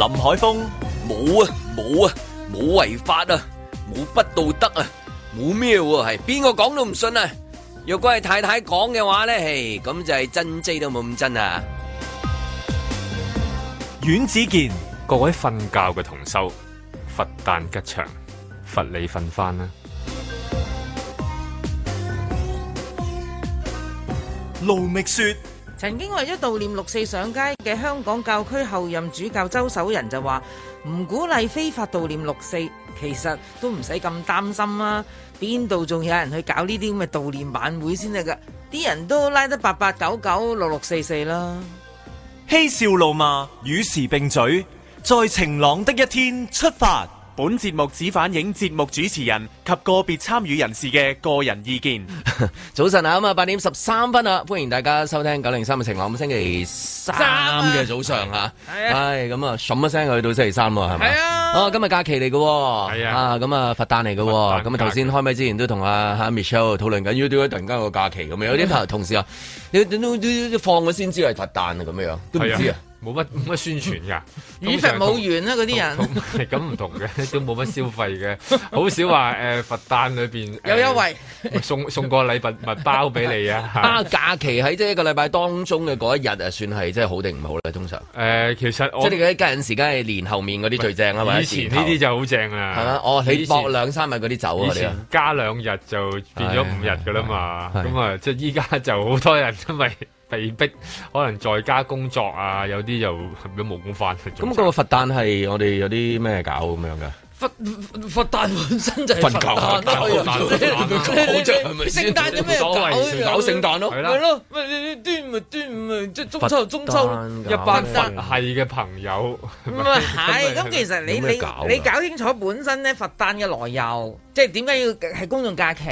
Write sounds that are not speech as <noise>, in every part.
林海峰，冇啊，冇啊，冇違法啊，冇不道德啊，冇咩喎。係邊個講都唔信啊，若果係太太講嘅話咧，誒咁就係真劑都冇咁真啊！阮子健，各位瞓覺嘅同修，佛誕吉祥，佛你瞓翻啦！盧覓雪。曾經為咗悼念六四上街嘅香港教區候任主教周守仁就話唔鼓勵非法悼念六四，其實都唔使咁擔心啦、啊。邊度仲有人去搞呢啲咁嘅悼念晚會先得㗎？啲人都拉得八八九九六六四四啦，嬉笑怒罵與時並進，在晴朗的一天出發。本節目只反映節目主持人及個別參與人士嘅個人意見。早晨啊，咁啊八點十三分啊，歡迎大家收聽九零三嘅《晴朗》。咁星期三嘅早上吓，係咁啊，冇乜聲去到星期三啦，係咪？哦，今日假期嚟嘅，係啊，咁啊佛誕嚟嘅，咁啊頭先開咪之前都同阿 Michelle 討論緊，要點解突然間個假期咁樣？有啲朋友同事啊，你都都放咗先知係佛誕啊，咁樣樣都唔知啊。冇乜乜宣傳㗎，以劇冇完啦嗰啲人。咁唔同嘅，都冇乜消費嘅，好少話誒、呃、佛誕裏邊有有優惠， <laughs> 送送個禮物物包俾你啊！ <laughs> 啊，假期喺即一個禮拜當中嘅嗰一日誒，算係即係好定唔好咧？通常誒、呃，其實我即係你嗰啲跟緊時間係年後面嗰啲最正啊嘛！以前呢啲就好正啦。係啊，我起搏兩三日嗰啲走啊！以前加兩日就變咗五日㗎啦嘛，咁啊即係依家就好多人因為。被逼可能在家工作啊，有啲又都冇工返去做。咁嗰個佛誕係我哋有啲咩搞咁樣嘅？佛佛誕本身就係佛誕，佛誕嘅話，聖誕有咩搞？搞聖誕咯，係啦，咪端午、端午，即中秋、中秋，一班佛系嘅朋友。唔係，係咁，其實你你你搞清楚本身咧，佛誕嘅來由，即點解要係公眾假期？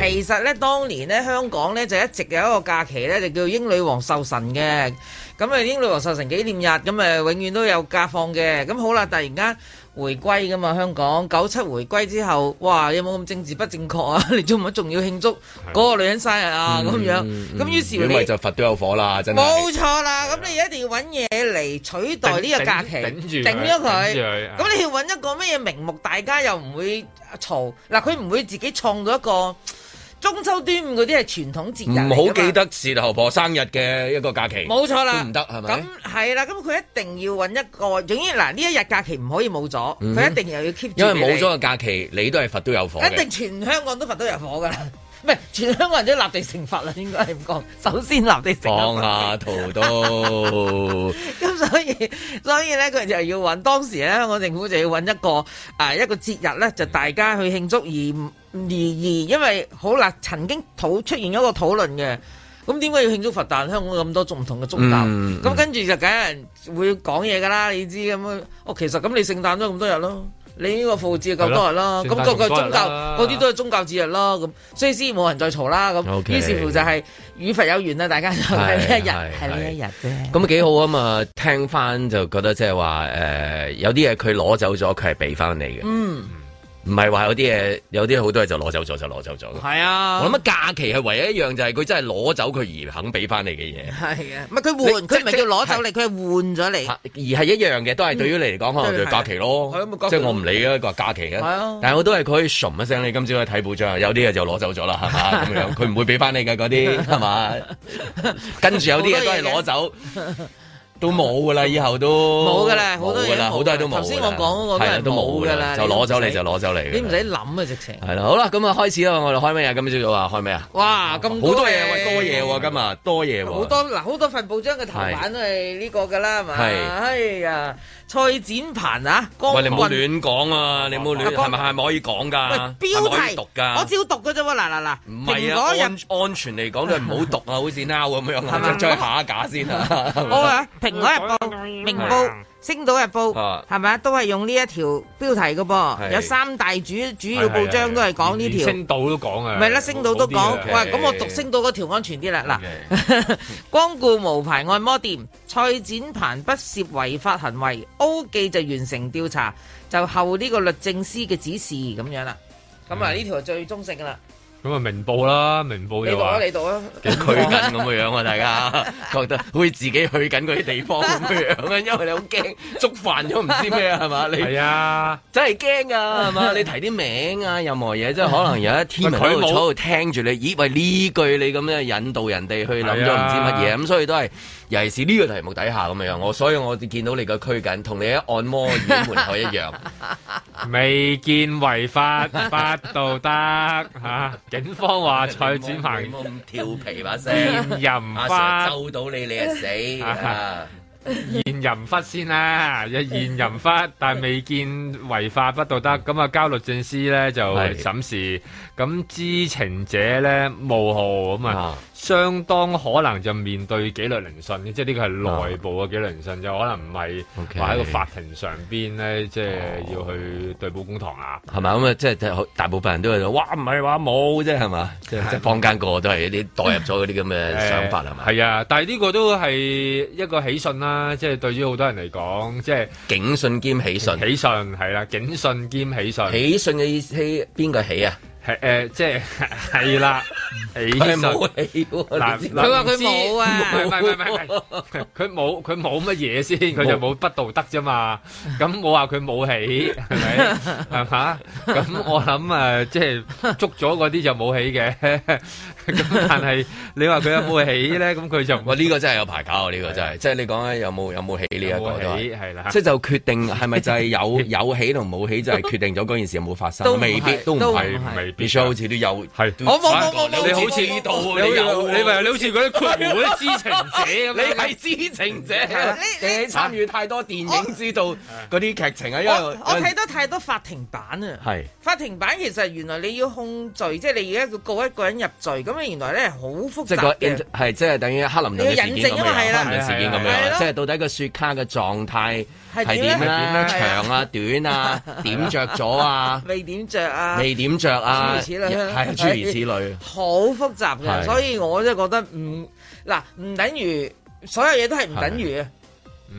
其實咧，當年咧，香港咧就一直有一個假期咧，就叫英女王壽辰嘅。咁啊，英女王壽辰紀念日，咁啊，永遠都有假放嘅。咁好啦，突然間。回歸噶，嘛香港九七回歸之後，哇，有冇咁政治不正確啊？ <laughs> 你做乜仲要慶祝嗰個女人生日啊？咁的樣，咁、於、嗯嗯、是你就佛都有火啦，真係冇錯啦。咁你一定要揾嘢嚟，取代呢個假期，頂住、頂咗佢。咁你要揾一個乜嘢名目，大家又唔會嘈嗱？佢唔的會自己創咗一個。中秋端午嗰啲係傳統節日，唔好記得事頭婆生日嘅一個假期，冇錯啦，都唔得係咪？咁係啦，咁佢、嗯、一定要揾一個，總之嗱呢一日假期唔可以冇咗，佢一定又要 keep 住。因為冇咗個假期，你，你都係佛都有火，一定全香港都佛都有火㗎啦。唔係，全香港人都立地成佛啦，應該係咁講。首先立地成佛，放下屠刀。咁所以，所以咧，佢就係要揾當時咧，香港政府就要揾一個啊，一個節日咧，就大家去慶祝而而而，因為好啦，曾經討出現一個討論嘅，咁點解要慶祝佛誕？香港咁多種唔同嘅宗教，咁跟住就梗係人會講嘢噶啦，你知咁樣，哦，其實咁你聖誕都咁多日咯。你呢個父字夠多人咯，咁個個宗教嗰啲都係宗教字眼咯，咁所以先冇人再嘈啦，咁於是乎就係與佛有緣啦，大家就係呢一日係呢一日啫。咁啊幾好啊嘛， <laughs> 聽翻就覺得即係話誒，有啲嘢佢攞走咗，佢係俾翻你嘅。嗯。唔係話有啲嘢，有啲好多嘢就攞走咗就攞走咗。係啊，我諗乜假期係唯一一樣，就是，就係佢真係攞走佢而肯俾翻你嘅嘢。係啊，唔係佢換，佢唔係叫攞走你，佢係換咗你。而係一樣嘅，都係對於你嚟講可能就假期咯。即係我唔理啦，佢話假期嘅，啊。啊，但係我都係佢嘈一聲，你今朝去睇報章，有啲嘢就攞走咗啦，係嘛咁樣。佢唔 <laughs> <laughs> 會俾翻你嘅嗰啲，係嘛？ <laughs> 跟住有啲嘢都係攞走。 <laughs> 都冇噶啦，以後都冇噶啦，好多啦，好多人都冇。頭先我講嗰個係啦，都冇噶啦，就攞走嚟就攞走嚟，你唔使諗啊，直情。係啦，好啦，咁啊開始啦，我哋開咩啊？今朝早話開咩啊？哇，咁好多嘢喂，多嘢喎，今日多嘢喎。好多嗱，好多份報章嘅頭版都係呢個噶啦，係咪？係啊。哎蔡展鵬啊，喂，你唔好亂講啊，你唔好亂，係咪係咪可以講噶？標題讀噶，我只係讀嘅啫喎，嗱嗱嗱，唔係啊，我安全嚟講，你唔好讀啊，好似 now 咁樣，再下一架先啊，好啊，蘋果日報明報。《星島日報》係咪啊？都係用呢一條標題嘅噃，有三大主主要報章都係講呢條，《星島》都講啊，唔係啦，《星島》都講，喂，咁我讀《星島》嗰條安全啲啦。嗱，光顧無牌按摩店，蔡展鵬不涉違法行為，O 記就完成調查，就後呢個律政司嘅指示咁樣啦。咁啊，呢條係最中性噶啦。咁啊，明報啦，明報嘅話、啊，你度啦，佢緊咁嘅樣啊！啊 <laughs> 大家覺得好似自己去緊嗰啲地方咁嘅樣啊，因為你好驚 <laughs> 捉犯咗唔知咩係嘛？你係啊，真係驚啊，係嘛？你提啲名啊，任何嘢，即係可能有一天佢都坐喺度聽住你，咦喂呢句你咁樣引導人哋去諗咗唔知乜嘢，咁、啊、所以都係。尤其是呢個題目底下咁樣樣，我所以我見到你個拘緊，同你喺按摩院門口一樣，未見違法不道德吓、啊。警方話蔡子鵬咁調皮把聲，馬上揪到你你啊死啊！現忽先啦，又現人忽，但未見違法不道德，咁啊、嗯嗯、交律政司咧就審視，咁知情者咧無號咁啊。相當可能就面對紀律聆訊，即係呢個係內部嘅紀律聆訊，哦、就可能唔係話喺個法庭上邊咧，即係、哦、要去對簿公堂啊。係嘛？咁啊，即係大部分人都喺度，哇吧，唔係話冇啫，係嘛？即係坊間個個都係一啲代入咗嗰啲咁嘅想法係嘛？係吧啊，但係呢個都係一個喜訊啦、啊，即、就、係、是、對於好多人嚟講，即、就、係、是、警訊兼喜訊。喜訊係啦、啊，警訊兼喜訊。喜訊嘅意思邊個喜啊？係誒，即係係啦，起咗就冇起，佢話佢冇啊，唔係唔係唔係，佢冇佢冇乜嘢先，佢就冇不道德啫嘛。咁我話佢冇起，係咪係嘛？咁我諗誒，即係捉咗嗰啲就冇起嘅。咁但係你話佢有冇起咧？咁佢就唔。我呢個真係有排搞啊！呢個真係，即係你講咧，有冇有冇起呢一個都係。即係就決定係咪就係有有起同冇起就係決定咗嗰件事有冇發生？都未必都唔係唔係。必超好似都有，我冇你好似呢度，你你你好似嗰啲僱主、啲知情者，你係知情者，你參與太多電影知道嗰啲劇情啊，因為我睇到太多法庭版啊，係法庭版其實原來你要控罪，即係你而家告一個人入罪，咁啊原來咧好複雜，係即係等於克林要引事件咁樣，黑林人事件咁樣，即係到底個雪卡嘅狀態。係點樣？點樣長啊、短啊？點着咗啊？未點着啊？未點着啊？係諸如此類，係諸如此類。好複雜嘅，所以我真係覺得唔嗱，唔等於所有嘢都係唔等於啊，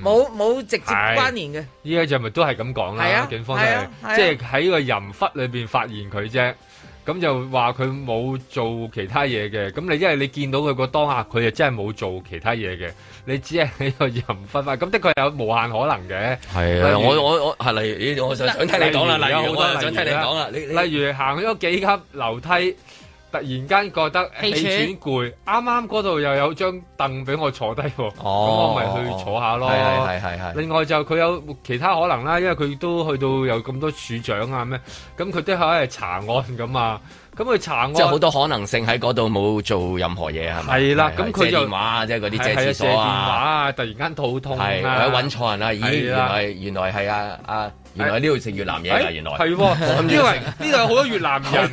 冇冇直接關聯嘅。依家就咪都係咁講啦，警方都即係喺個淫窟裏邊發現佢啫。咁就話佢冇做其他嘢嘅，咁你因為你見到佢個當下，佢就真係冇做其他嘢嘅，你只係喺度任分發，咁的確有無限可能嘅。係啊，我我我係例如，我就想聽你講啦。例如，我想聽你講啦。例如行咗幾級樓梯。突然間覺得氣喘攰，啱啱嗰度又有張凳俾我坐低喎，咁、哦、我咪去坐下咯。係係係係係。另外就佢有其他可能啦，因為佢都去到有咁多處長啊咩，咁佢都可能係查案㗎嘛，咁佢查案即係好多可能性，喺嗰度冇做任何嘢係咪？係啦，咁佢就借電話，即係嗰啲借廁所啊，突然間肚痛啊，或者揾錯人啦，咦，原來係，原來係啊啊！啊原來呢度食越南嘢㗎！原來係，因為呢度有好多越南人。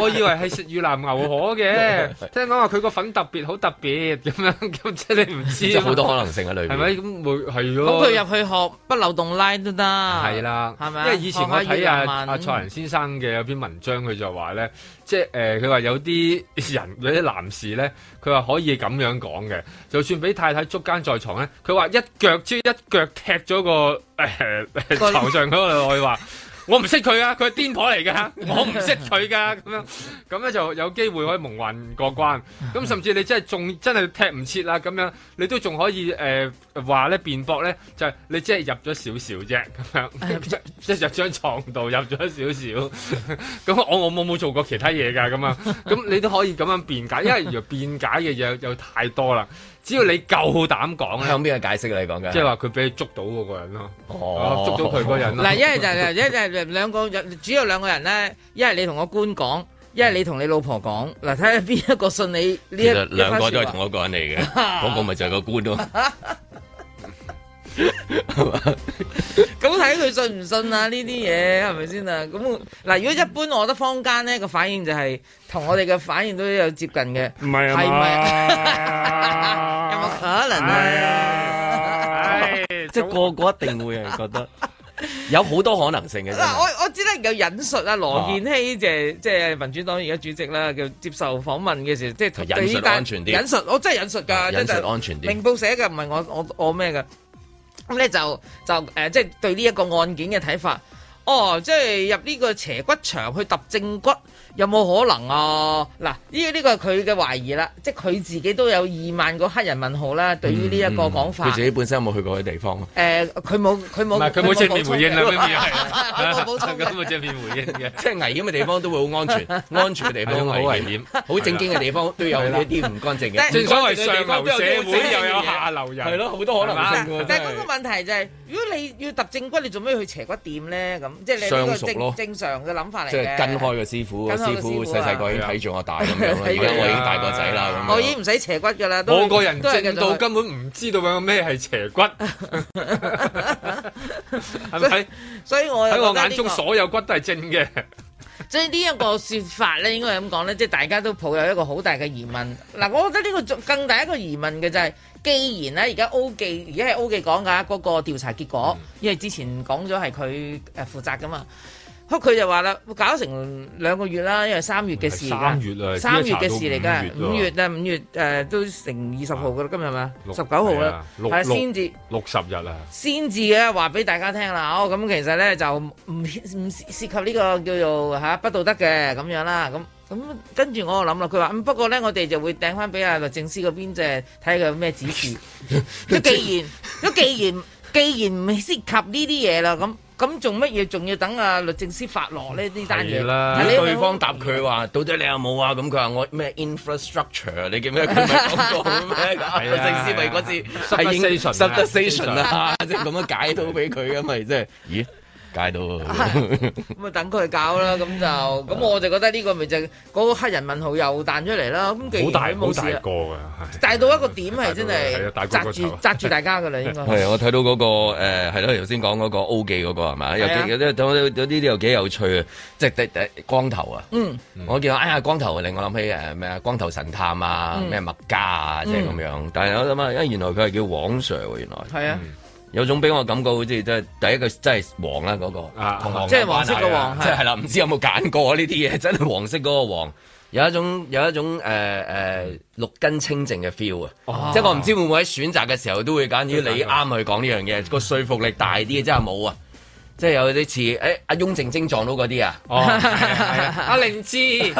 我以為係食越南牛河嘅，聽講話佢個粉特別好特別咁樣，咁即係你唔知。好多可能性喺裏邊。係咪咁會係咯？咁佢入去學不流動拉都得。係啦，係咪？因為以前我睇阿阿蔡仁先生嘅有篇文章，佢就話咧。即係誒，佢、呃、話有啲人有啲男士咧，佢話可以咁樣講嘅，就算俾太太捉奸在床咧，佢話一腳即係一腳踢咗個誒、呃、頭上嗰個佢話 <laughs> 我唔識佢啊，佢係癲婆嚟噶，我唔識佢噶咁樣，咁咧就有機會可以蒙混過關。咁甚至你真係仲，真係踢唔切啦咁樣，你都仲可以誒話咧辯駁咧，就係、是、你即係入咗少 <laughs> 入少啫，咁樣即係入張牀度入咗少少。咁我我冇冇做過其他嘢噶咁樣，咁你都可以咁樣辯解，因為辯解嘅嘢有太多啦。只要你夠膽講，向邊個解釋你講嘅，即係話佢俾你捉到嗰個人咯，哦、捉到佢嗰人。嗱，一係就一、係、係、就係、兩個人呢，只有兩個人咧。一係你同個官講，一係你同你老婆講。嗱，睇下邊一個信你呢實一兩個都係同一個人嚟嘅，嗰 <laughs> 個咪就係個官咯、啊。 <laughs> 係咁睇佢信唔信啊？呢啲嘢係咪先啊？咁嗱， <laughs> 如果一般我得坊間呢個反應就係、是、同我哋嘅反應都有接近嘅，唔係啊？係咪不？ <laughs> 有冇可能啊！即係 <laughs> <laughs> 個個一定會係覺得有好多可能性嘅。嗱， <laughs> 我我只能夠引述啊羅健熙，即係即係民主黨而家主席啦，佢、就是、接受訪問嘅時候，即、就、係、是、引述安全啲。引述我真係引述噶、啊，引述安全啲。明報寫嘅，唔係我我我咩噶。咁咧就就誒即係對呢一個案件嘅睇法，哦，即係入呢個斜骨場去揼正骨。有冇可能啊？嗱，呢呢個係佢嘅懷疑啦，即係佢自己都有二萬個黑人問號啦。對於呢一個講法，佢自己本身有冇去過嘅地方啊？誒，佢冇，佢冇，佢冇正面回應佢冇，佢冇正面回應嘅，即係危險嘅地方都會好安全，安全嘅地方好危險，好正經嘅地方都有一啲唔乾淨嘅。正所謂上流社會又有下流人，係咯，好多可能性喎。但係嗰個問題就係，如果你要揼正骨，你做咩去斜骨店咧？咁即係你呢個正正常嘅諗法嚟嘅。即係跟開嘅師傅。似乎細細個、啊、已經睇住我大咁樣，而家 <laughs> 我已經大個仔啦。 <laughs> 樣我已經唔使斜骨噶啦，都我個人正到根本唔知道有咩係斜骨，係 <laughs> 咪？所以我喺、這個、我眼中所有骨都係正嘅。即 <laughs> 係呢一個説法咧，應該係咁講咧。即、就、係、是、大家都抱有一個好大嘅疑問。嗱、啊，我覺得呢個更大一個疑問嘅就係、是，既然咧而家歐記而家係歐記講噶嗰個調查結果，嗯、因為之前講咗係佢誒負責噶嘛。佢就話啦，搞成兩個月啦，因為月三月嘅事啦，三月嘅事嚟噶，五月啊，五月誒都成二十號噶啦，今日係咪，十九號啦，係先至六十日啊，先至嘅話俾大家聽啦，哦，咁、嗯、其實咧就唔唔涉及呢、這個叫做吓、啊、不道德嘅咁樣啦，咁、嗯、咁、嗯、跟住我又諗啦，佢話咁不過咧我哋就會掟翻俾阿律政司嗰邊就係睇佢咩指示，咁 <laughs> 既然咁 <laughs> 既然既然唔涉及呢啲嘢啦咁。咁做乜嘢？仲要等阿律政司發落呢？呢單嘢啦，對方答佢話到底你有冇啊？咁佢話我咩 infrastructure？你叫咩？唔係廣告咩？律政司咪嗰次 s 啊，即係咁樣解套俾佢嘅咪即係。街咁啊，哎、等佢搞啦，咁就咁我就覺得呢個咪就嗰個黑人問號又彈出嚟啦。咁既好大好大個噶，大到一個點係真係揸住揸住大家噶啦。應該係我睇到嗰，那個誒係咯，頭先講嗰個 O 記嗰，那個係嘛？有啲有啲有啲又幾有趣啊！即係光頭啊！嗯，我見，哎，呀光頭令我諗起誒咩啊光頭神探啊咩麥，嗯，家啊即係咁樣。嗯，但係我諗啊，因為原來佢係叫王 Sir 原來係啊。的有種俾我感覺好似即係第一個真係黃啦、啊、嗰、嗰個，啊、即係黃色個黃，即係啦，唔的知有冇揀過呢啲嘢，真係黃色嗰個黃，有一種有一種誒誒六根清淨嘅 feel 啊！哦、即係我唔知會唔會喺選擇嘅時候都會揀，如果你啱去講呢樣嘢，個、嗯、說服力大啲嘅，真係冇啊！即係有啲似誒阿翁靜晶撞到嗰啲啊！哦，係啊，阿靈芝，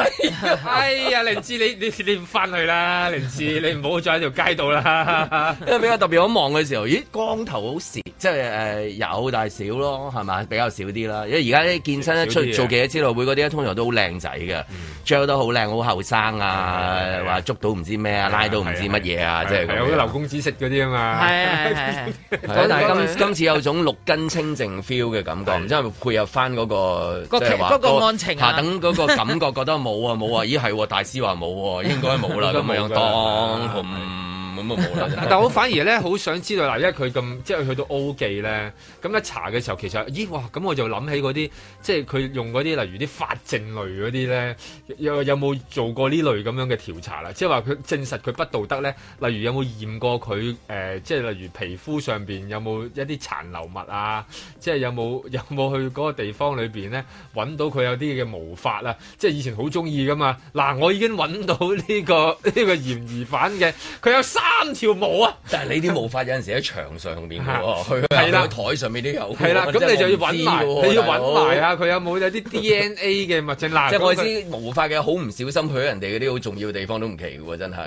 哎呀，靈芝你你你唔翻去啦，靈芝你唔好再喺條街度啦，因為比較特別好望嘅時候，咦，光頭好少，即係誒有但係少咯，係嘛比較少啲啦。因為而家啲健身咧出做健美之類會嗰啲通常都好靚仔嘅，着得好靚，好後生啊，話捉到唔知咩啊，拉到唔知乜嘢啊，即係有啲流公子式嗰啲啊嘛。係但係今今次有種六根清淨 feel 嘅。感覺，然之後配合翻、那、嗰個，即係話嗰個案情啊，等嗰個感覺覺得冇啊冇啊，咦係， <laughs> 大師話冇喎，應該冇啦、啊，咁、啊、樣當。啊嗯咁冇啦。 <laughs> 但我反而咧好想知道嗱，因為佢咁即係去到 O 記咧，咁一查嘅時候，其實咦哇，咁我就諗起嗰啲即係佢用嗰啲，例如啲法證類嗰啲咧，有有冇做過呢類咁樣嘅調查啦？即係話佢證實佢不道德咧，例如有冇驗過佢誒、呃，即係例如皮膚上邊有冇一啲殘留物啊？即係有冇有冇去嗰個地方裏邊咧揾到佢有啲嘅毛髮啊？即係以前好鍾意㗎嘛嗱，我已經揾到呢、呢個呢、呢個嫌疑犯嘅，佢有三條毛啊！但係你啲毛髮有陣時喺牆上面喎，佢喺台上面都有。係啦，咁你就要揾埋，你要揾埋啊！佢有冇有啲 DNA 嘅物質？即係我啲毛髮嘅好唔小心去咗人哋嗰啲好重要嘅地方都唔奇嘅喎，真係。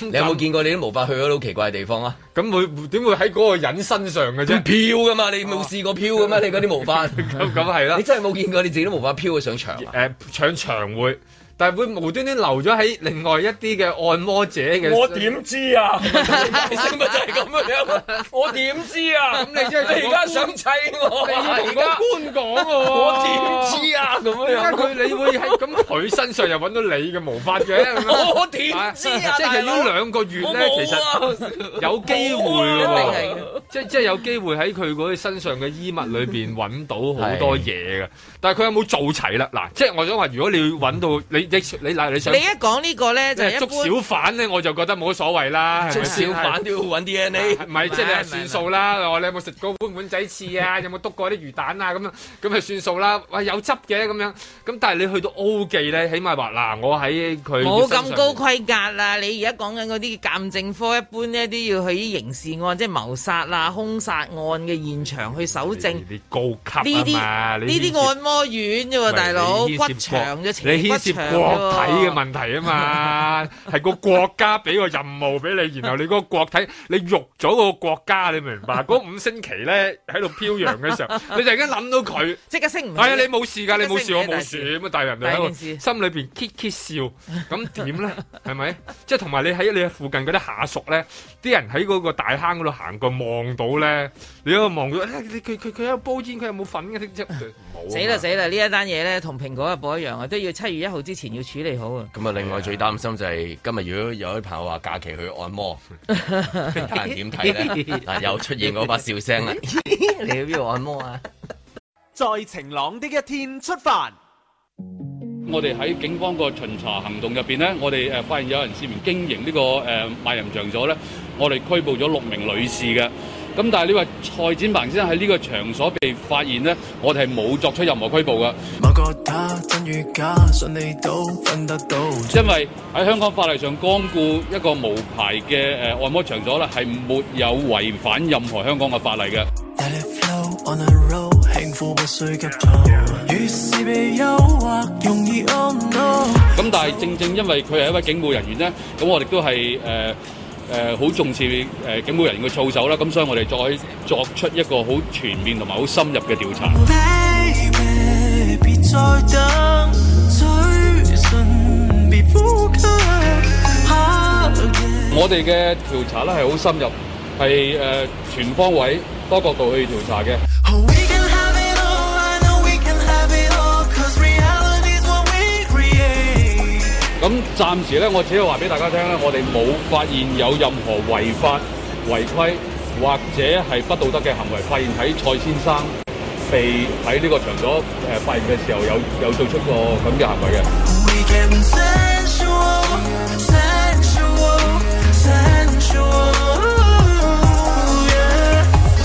你有冇見過你啲毛髮去咗好奇怪嘅地方啊？咁佢點會喺嗰個人身上嘅啫？漂㗎嘛，你冇試過漂嘅咩？你嗰啲毛髮咁咁係啦。你真係冇見過你自己都毛髮漂去上牆？誒，搶場會。但會無端端留咗喺另外一啲嘅按摩者嘅，我點知啊？啲生物就係咁樣，我點知啊？咁你即係你而家想砌我，你而家觀講我，我點知啊？咁樣，佢你會喺咁佢身上又揾到你嘅毛髮嘅，我點知啊？即係要兩個月咧，其實有機會嘅喎，即即係有機會喺佢身上嘅衣物裏邊揾到好多嘢嘅。但係佢有冇做齊啦？嗱，即係我想話，如果你揾到你你嗱，你想你一講呢個咧，即係捉小販咧，我就覺得冇乜所謂啦。捉小販都要揾啲嘢，你唔係即係你算數啦。我你有冇食過碗碗仔翅啊？有冇篤過啲魚蛋啊？咁樣咁係算數啦。喂，有汁嘅咁樣。咁但係你去到 O 記咧，起碼話嗱，我喺佢冇咁高規格啦。你而家講緊嗰啲鑑證科，一般咧都要去啲刑事案，即係謀殺啊、兇殺案嘅現場去搜證。啲高級啊嘛，呢啲呢啲按摩院啫喎，大佬骨長咗，長骨長。國體嘅問題啊嘛，係 <laughs> 個國家俾個任務俾你，然後你嗰個國體，你辱咗個國家，你明唔明白？嗰 <laughs> 五星旗咧喺度飄揚嘅時候，你就而家諗到佢，即刻升唔？係啊，你冇事噶，你冇事，我冇事，咁啊大人就喺個心裏邊揭揭笑，咁點咧？係咪？即係同埋你喺你附近嗰啲下屬咧，啲人喺嗰個大坑嗰度行過望到咧，你喺度望咗，佢佢佢喺度煲煙，佢有冇粉嘅啫？冇 <laughs> 有、啊。死啦死啦！呢一單嘢咧，同蘋果日報一樣啊，都要七月一號之前。前要處理好啊！咁啊，另外最擔心就係、是、今日如果有一朋友話假期去按摩，睇下人點睇咧？嗱，又出現嗰把笑聲啦！你要邊度按摩啊？在晴朗的一天出發。我哋喺警方個巡查行動入邊呢，我哋誒發現有人涉嫌經營呢個誒賣淫場所咧，我哋拘捕咗六名女士嘅。咁但係呢位蔡展鵬先生喺呢個場所被發現咧，我哋係冇作出任何拘捕噶。因為喺香港法例上，光顧一個無牌嘅誒、呃、按摩場所咧，係沒有違反任何香港嘅法例嘅。咁但係正正因為佢係一位警務人員咧，咁我哋都係誒誒好重視誒警務人員嘅操守啦，咁所以我哋再作出一個好全面同埋好深入嘅調查。我哋嘅調查咧係好深入，係誒全方位多角度去調查嘅。咁暫時咧，我只係話俾大家聽咧，我哋冇發現有任何違法違規或者係不道德嘅行為。發現喺蔡先生被喺呢個場所誒發現嘅時候有，有有做出過咁嘅行為嘅。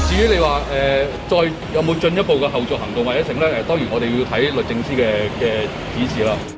至於你話誒，再有冇進一步嘅後續行動或者成咧？誒，當然我哋要睇律政司嘅嘅指示啦。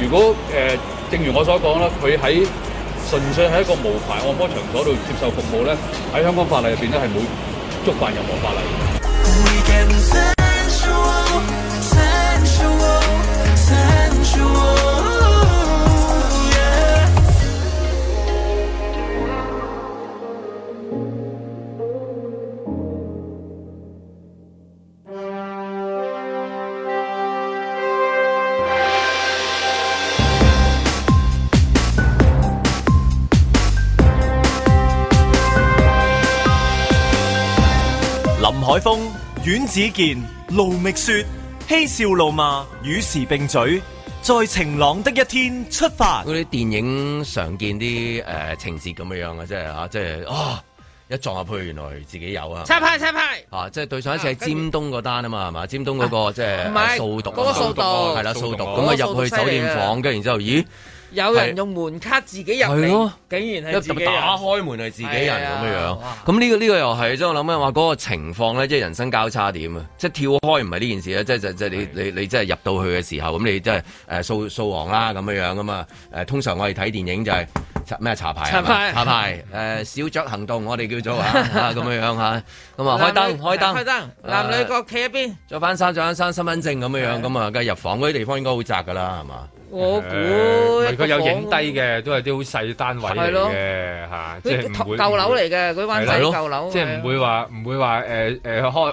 如果誒、呃，正如我所講啦，佢喺純粹喺一個無牌按摩場所度接受服務咧，喺香港法例入邊咧係冇觸犯任何法例嘅。阮子健盧覓雪，嬉笑怒罵與時並嘴，在晴朗的一天出發。嗰啲電影常見啲誒、呃、情節咁樣樣嘅，即係啊，即係啊，一撞入去，原來自己有拆拆拆拆啊！拆牌，拆牌啊！即係對上一次係尖東嗰單啊嘛，係嘛？尖東嗰、嗰個即係掃毒，嗰個掃毒係啦，掃毒咁啊，入去酒店房，跟住然之後，咦？有人用門卡自己入去嚟，竟然係自己人，開門係自己人咁樣樣。咁呢個呢個又係，即我諗緊話嗰個情況咧，即係人生交叉點。即係跳開唔係呢件事咧，即係即係你你你即係入到去嘅時候，咁你即係誒掃掃黃啦咁樣樣噶嘛。誒通常我哋睇電影就係咩查牌，查牌查牌。誒小酌行動，我哋叫做嚇咁樣樣嚇。咁啊開燈開燈開燈，男女各企一邊。再翻衫，再翻衫，身份證咁樣樣。咁啊，入房嗰啲地方應該好窄噶啦，係嘛？我估，佢有影低嘅，都係啲好細單位嚟嘅嚇，即係唔會舊樓嚟嘅嗰啲灣仔舊樓，即係唔會話唔會話誒誒開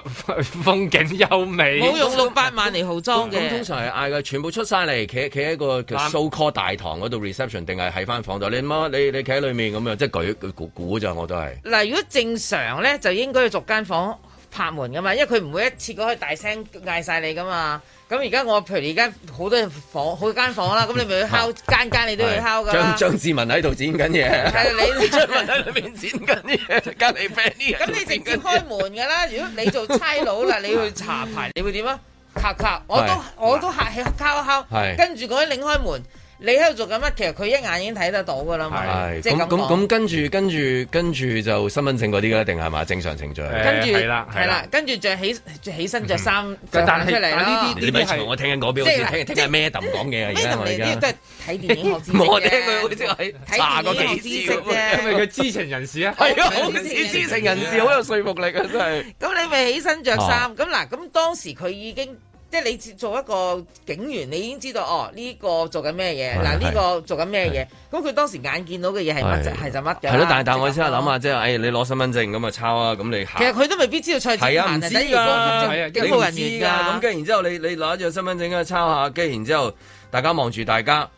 風景優美，冇用到六百萬嚟豪裝嘅。通常係嗌佢全部出晒嚟，企企喺個叫 so call 大堂嗰度 reception，定係喺翻房度。你乜你你企喺裏面咁樣，即係舉佢估估咋，我都係。嗱，如果正常咧，就應該要逐間房。拍門噶嘛，因為佢唔會一次過去大聲嗌晒你噶嘛。咁而家我譬如而家好多房，好多間房啦，咁你咪要敲、啊、間間，你都要敲噶。張志文喺度剪緊嘢。係你 <laughs> <laughs> 張志文喺裏面剪緊嘢，隔離 friend 啲人。咁你直接開門噶啦。如果你做差佬啦， <laughs> 你去查牌， <laughs> 你會點啊？咔咔，我都是我都客氣敲一敲，是跟住嗰啲擰開門。你喺度做緊乜？其實佢一眼已經睇得到噶啦嘛。係，咁咁跟住跟住跟住就新聞證嗰啲一定係嘛正常程序？跟住係啦，係啦，跟住就起著起身著衫出嚟呢啲，你咪係我聽緊嗰邊，我聽聽緊咩鄧講嘢啊？而家我而家。即係睇電影學知識。唔好聽佢，即係查個幾字啫。因為佢知情人士啊。係啊，好似知情人士好有說服力啊，真係。咁你咪起身着衫。咁嗱，咁當時佢已經。即係你做一個警員，你已經知道哦呢、呢個做緊咩嘢嗱，呢個做緊咩嘢，咁佢的當時眼見到嘅嘢係乜就係就乜嘅啦。係咯，但係我先下諗下啫，哎你攞身份證咁啊抄啊，咁、嗯、你下其實佢都未必知道蔡子恒係啊，一個警員噶，咁跟住然之後你，你攞咗身份證啊抄下，跟住然之後大家望住大家，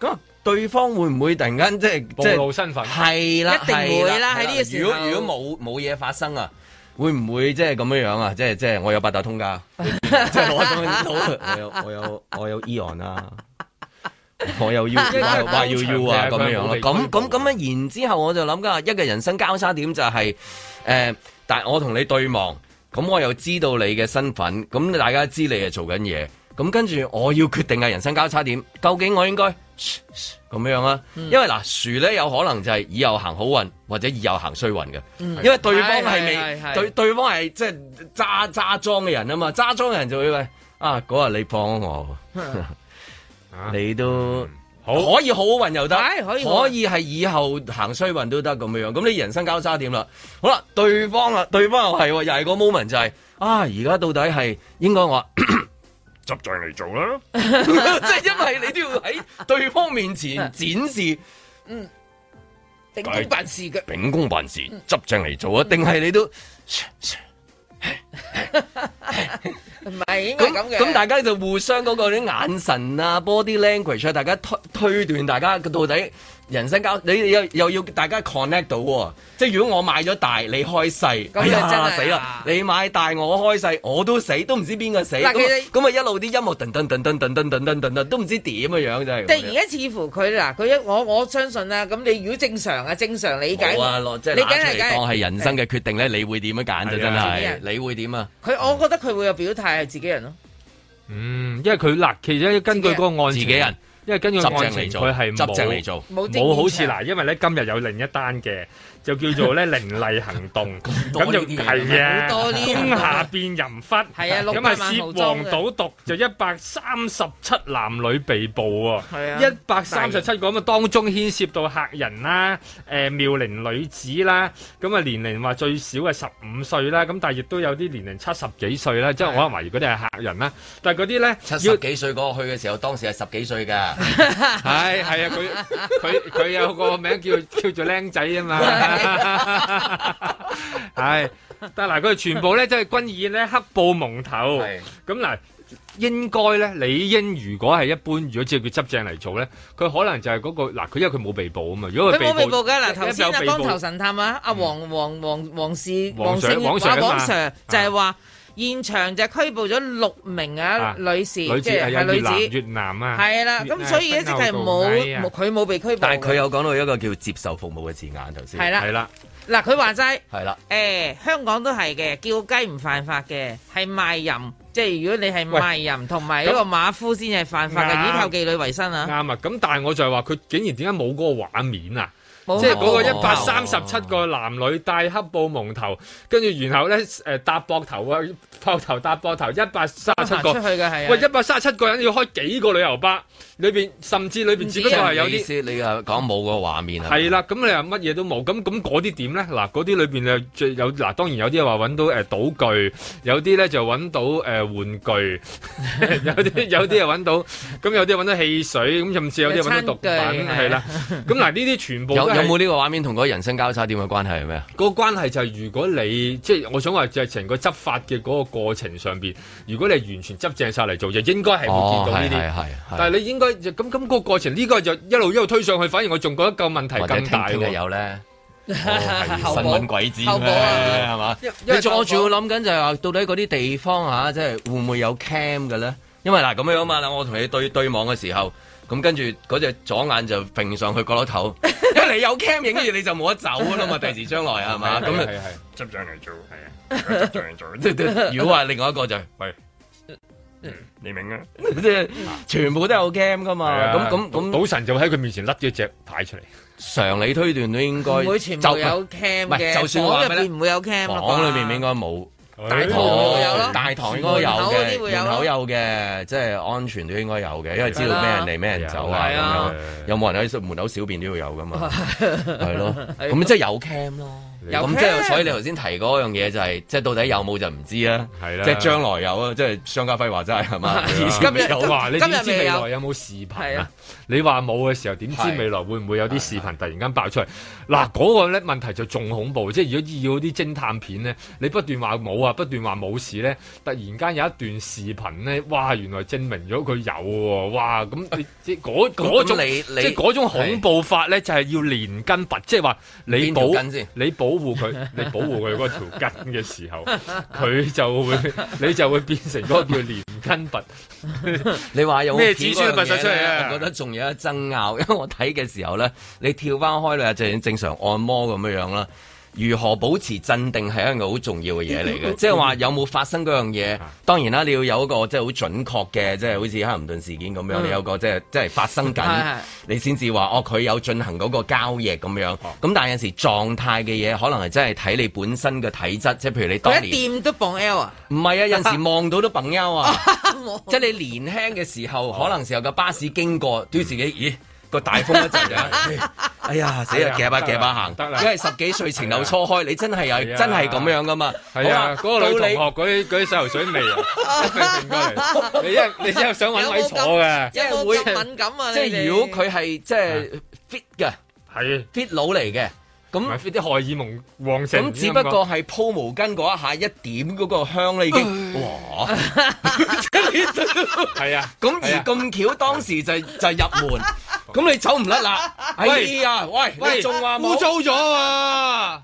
咁對方會唔會突然間即係暴露身份？係啦，一定會啦。喺呢個時，如果如果冇冇嘢發生啊。會唔會即係咁樣樣啊？即係即係我有八達通噶，即係攞上我有我有我有 Eon 啊，我有 Y Y U 啊咁樣樣咯。咁咁咁啊，樣樣樣樣樣然之後我就諗噶，一個人生交叉點就係誒、呃，但係我同你對望，咁我又知道你嘅身份，咁大家知你係做緊嘢。咁跟住，我要決定嘅人生交叉點，究竟我應該咁樣啊？因為嗱，樹咧有可能就係以後行好運，或者以後行衰運嘅。嗯、因為對方係未對，對方係即係揸揸莊嘅人啊嘛，揸莊嘅人就會喂啊，嗰日你幫我，哈哈你都可以好運又得，可以係以，以後行衰運都得咁樣。咁你人生交叉點啦。好啦，對方啊，對方又係又係個 moment 就係、是、啊，而家到底係應該我。執正嚟做啦，即係 <laughs> 因為你都要喺對方面前展示，嗯，秉公辦事嘅，秉公辦事，執正嚟做啊！定係 <laughs> 你都唔係 <laughs> <laughs> 應該咁嘅。咁大家就互相嗰個眼神啊 <laughs> ，body language，啊，大家推推斷大家到底。人生交，你又又要大家 connect 到喎，即係如果我買咗大，你開細，咁啊死啦！你買大我開細，我都死，都唔知邊個死。咁啊一路啲音樂，噔噔噔噔噔噔噔噔噔，都唔知點嘅樣即係。突然間似乎佢嗱，佢一我我相信咧，咁你如果正常啊，正常理解你梗係當係人生嘅決定咧，你會點樣揀就真係，你會點啊？佢，我覺得佢會有表態，係自己人咯。嗯，因為佢嗱，其實根據嗰個案自己人。因為跟住案情，佢係冇冇好似嗱，因為咧，今日有另一單嘅。就叫做咧凌厲行動，咁就係啊，冬夏變淫窟，係啊，六千咁啊，涉黃賭毒就一百三十七男女被捕喎，係啊，一百三十七個咁啊，當中牽涉到客人啦，誒妙齡女子啦，咁啊年齡話最少係十五歲啦，咁但係亦都有啲年齡七十幾歲啦。即係我話懷疑嗰啲係客人啦，但係嗰啲咧七十幾歲過去嘅時候，當時係十幾歲噶，係係啊，佢佢佢有個名叫叫做僆仔啊嘛。係、 <laughs> 哎，但嗱，佢全部咧即係軍演咧黑布蒙頭，咁嗱是、嗯，應該咧理應如果係一般，如果只係佢執正嚟做咧，佢可能就係嗰、那個嗱，佢因為佢冇被捕啊嘛，如果佢冇被捕嘅嗱，頭先啊光頭神探啊，阿黃黃黃黃氏黃 Sir，黃 Sir 就係話。現場就拘捕咗六名啊女士，即係女子。越南啊，係啦，咁所以一直係冇，佢冇被拘捕。但係佢有講到一個叫接受服務嘅字眼，頭先係啦，係啦。嗱，佢話齋係啦，誒，香港都係嘅，叫雞唔犯法嘅，係賣淫，即係如果你係賣淫同埋一個馬夫先係犯法嘅，以靠妓女為生啊。啱啊，咁但係我就係話，佢竟然點解冇嗰個畫面啊？即係嗰個一百三十七個男女戴黑布蒙頭，跟住然後咧，誒、呃、搭膊頭啊！呃膊頭搭膊頭一百三十七個，出去，喂一百三十七個人要開幾個旅遊巴？裏邊甚至裏邊只不過係有啲，你又講冇個畫面啊？係啦，咁你又乜嘢都冇，咁咁嗰啲點咧？嗱，嗰啲裏邊有嗱，當然有啲話揾到誒賭、呃、具，有啲咧就揾到誒、呃、玩具， <laughs> 有啲有啲又揾到，咁有啲揾到汽水，咁甚至有啲揾到毒品，係啦。咁嗱呢啲全部有冇呢個畫面同嗰個人生交叉點嘅關係係咩啊？嗰個關係就係如果你即係我想話疫情個執法嘅嗰、嗰個。過程上邊，如果你係完全執正晒嚟做，就應該係會見到呢啲。哦、但係你應該咁咁個過程，呢、呢個就一路一路推上去。反而我仲覺得個問題更大。或者聽日有咧，新蚊鬼子咩係嘛？因為我仲要諗緊就係話到底嗰啲地方嚇，即係會唔會有 cam 嘅咧？因為嗱咁樣啊嘛，我同你對對望嘅時候。咁跟住嗰隻左眼就平上去角落頭，一嚟有 cam 影住你就冇得走噶啦嘛！第時將來啊，係嘛？咁啊，執上嚟做，係啊，執上嚟做。如果話另外一個就係，喂，你明啊？即係全部都有 cam 噶嘛？咁咁咁，賭神就會喺佢面前甩咗隻牌出嚟。常理推斷都應該，唔會全部有 cam 嘅。就算我入邊唔會有 cam，房裏面應該冇。大堂有，大堂應該有嘅，門口有嘅，即係安全都應該有嘅，因為知道咩人嚟，咩人走啊咁樣。啊、有冇人喺門口小便都要有㗎嘛？係 <laughs> 咯，咁即係有 cam 咯。咁即係，所以你頭先提嗰樣嘢就係，即係到底有冇就唔知啦。係啦，即係將來有，有啊，即係商家輝話齋係嘛。今日有話，你知未來有冇視頻啊？你話冇嘅時候，點知未來會唔會有啲視頻突然間爆出嚟？嗱是的，嗰個咧問題就仲恐怖。即係如果要啲偵探片咧，你不斷話冇啊，不斷話冇事咧，突然間有一段視頻咧，哇，原來證明咗佢有喎！哇，咁你嗰嗰種、嗯、你你即係嗰種恐怖法咧，就係要連根拔，的即係話你保你保。護佢嚟保護佢嗰條筋嘅時候，佢就會你就會變成嗰個叫連根拔。 <laughs> <laughs> 你話有咩子孫拔晒出嚟啊？我覺得仲有一爭拗，因為我睇嘅時候咧，你跳翻開咧就正常按摩咁樣樣啦。如何保持鎮定係一個好重要嘅嘢嚟嘅，即係話有冇發生嗰樣嘢？當然啦，你要有一個即係好準確嘅，即係好似哈林頓事件咁樣，嗯、你有個即係即係發生緊，嗯、你先至話哦，佢有進行嗰個交易咁樣。咁 <laughs> 但係有時狀態嘅嘢，可能係真係睇你本身嘅體質，即係譬如你當年一掂都崩腰啊！唔係啊，有時望到都崩腰啊！ <laughs> <laughs> 有即係你年輕嘅時候，可能時候個巴士經過，對自己咦？個大風一陣啊！哎呀，死啊，夾巴夾巴行得啦，因為十幾歲情竇初開，你真係啊，真係咁樣噶嘛？係啊，嗰個女同學嗰啲洗頭水味啊，一併過嚟，你一你只有想揾位坐嘅，因為會敏感啊。即係如果佢係即係 fit 嘅，係 fit 佬嚟嘅，咁 fit 啲荷爾蒙旺盛。咁只不過係鋪毛巾嗰一下，一點嗰個香咧已經。哇！係啊，咁而咁巧，當時就就入門。咁你走唔甩啦。哎呀！喂，你仲話污糟咗啊？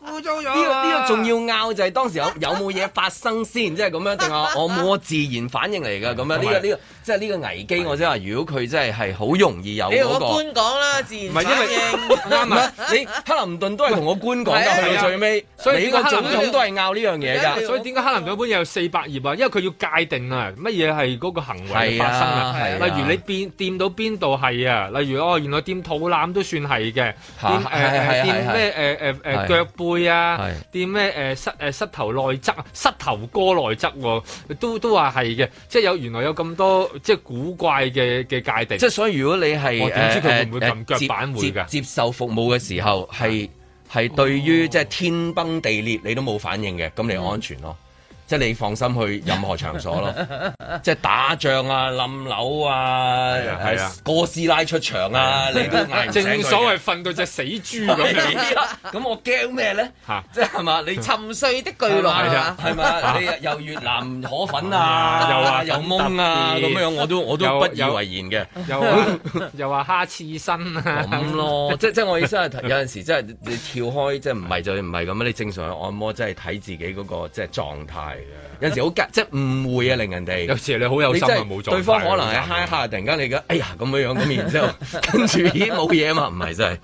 污糟咗呢個呢、呢個仲要拗就係當時有有冇嘢發生先？即係咁樣定話我冇我自然反應嚟㗎咁樣？呢個呢個。呢個即係呢個危機，我即係話，如果佢真係係好容易有嗰個你同我官講啦，自然唔係因為啱埋。你克林頓都係同我官講㗎，佢最尾，所以呢個總統都係拗呢樣嘢㗎。所以點解克林頓本有四百頁啊？因為佢要界定啊，乜嘢係嗰個行為發生啊？例如你掂掂到邊度係啊？例如哦，原來掂肚腩都算係嘅。掂咩誒誒誒腳背啊？掂咩誒膝誒膝頭內側、膝頭哥內側喎，都都話係嘅。即係有原來有咁多。即係古怪嘅嘅界定，即係所以如果你係點、哦、知佢會唔會撳腳板會、啊、接，接受服務嘅時候，係係的對於、哦、即係天崩地裂你都冇反應嘅，咁你安全咯。嗯即係你放心去任何場所咯，即係打仗啊、冧樓啊、哥斯拉出場啊，你都正所謂瞓到隻死豬咁，咁我驚咩咧？即係係嘛？你沉睡的巨龍啊？係嘛？你又越南河粉啊？又啊又蒙啊？咁樣我都我都不以為然嘅。又又話蝦刺身啊？咁咯，即係即係我意思係有陣時真係你跳開，即係唔係就唔係咁啊？你正常去按摩，即係睇自己嗰個即係狀態。 <music> 有陣時好夾，即係誤會啊，令人哋。有陣時你好有心啊，冇做。啊、對方可能係嗨下，突然間你覺得哎呀咁樣這樣，咁然之後跟住已經冇嘢嘛？唔係真係，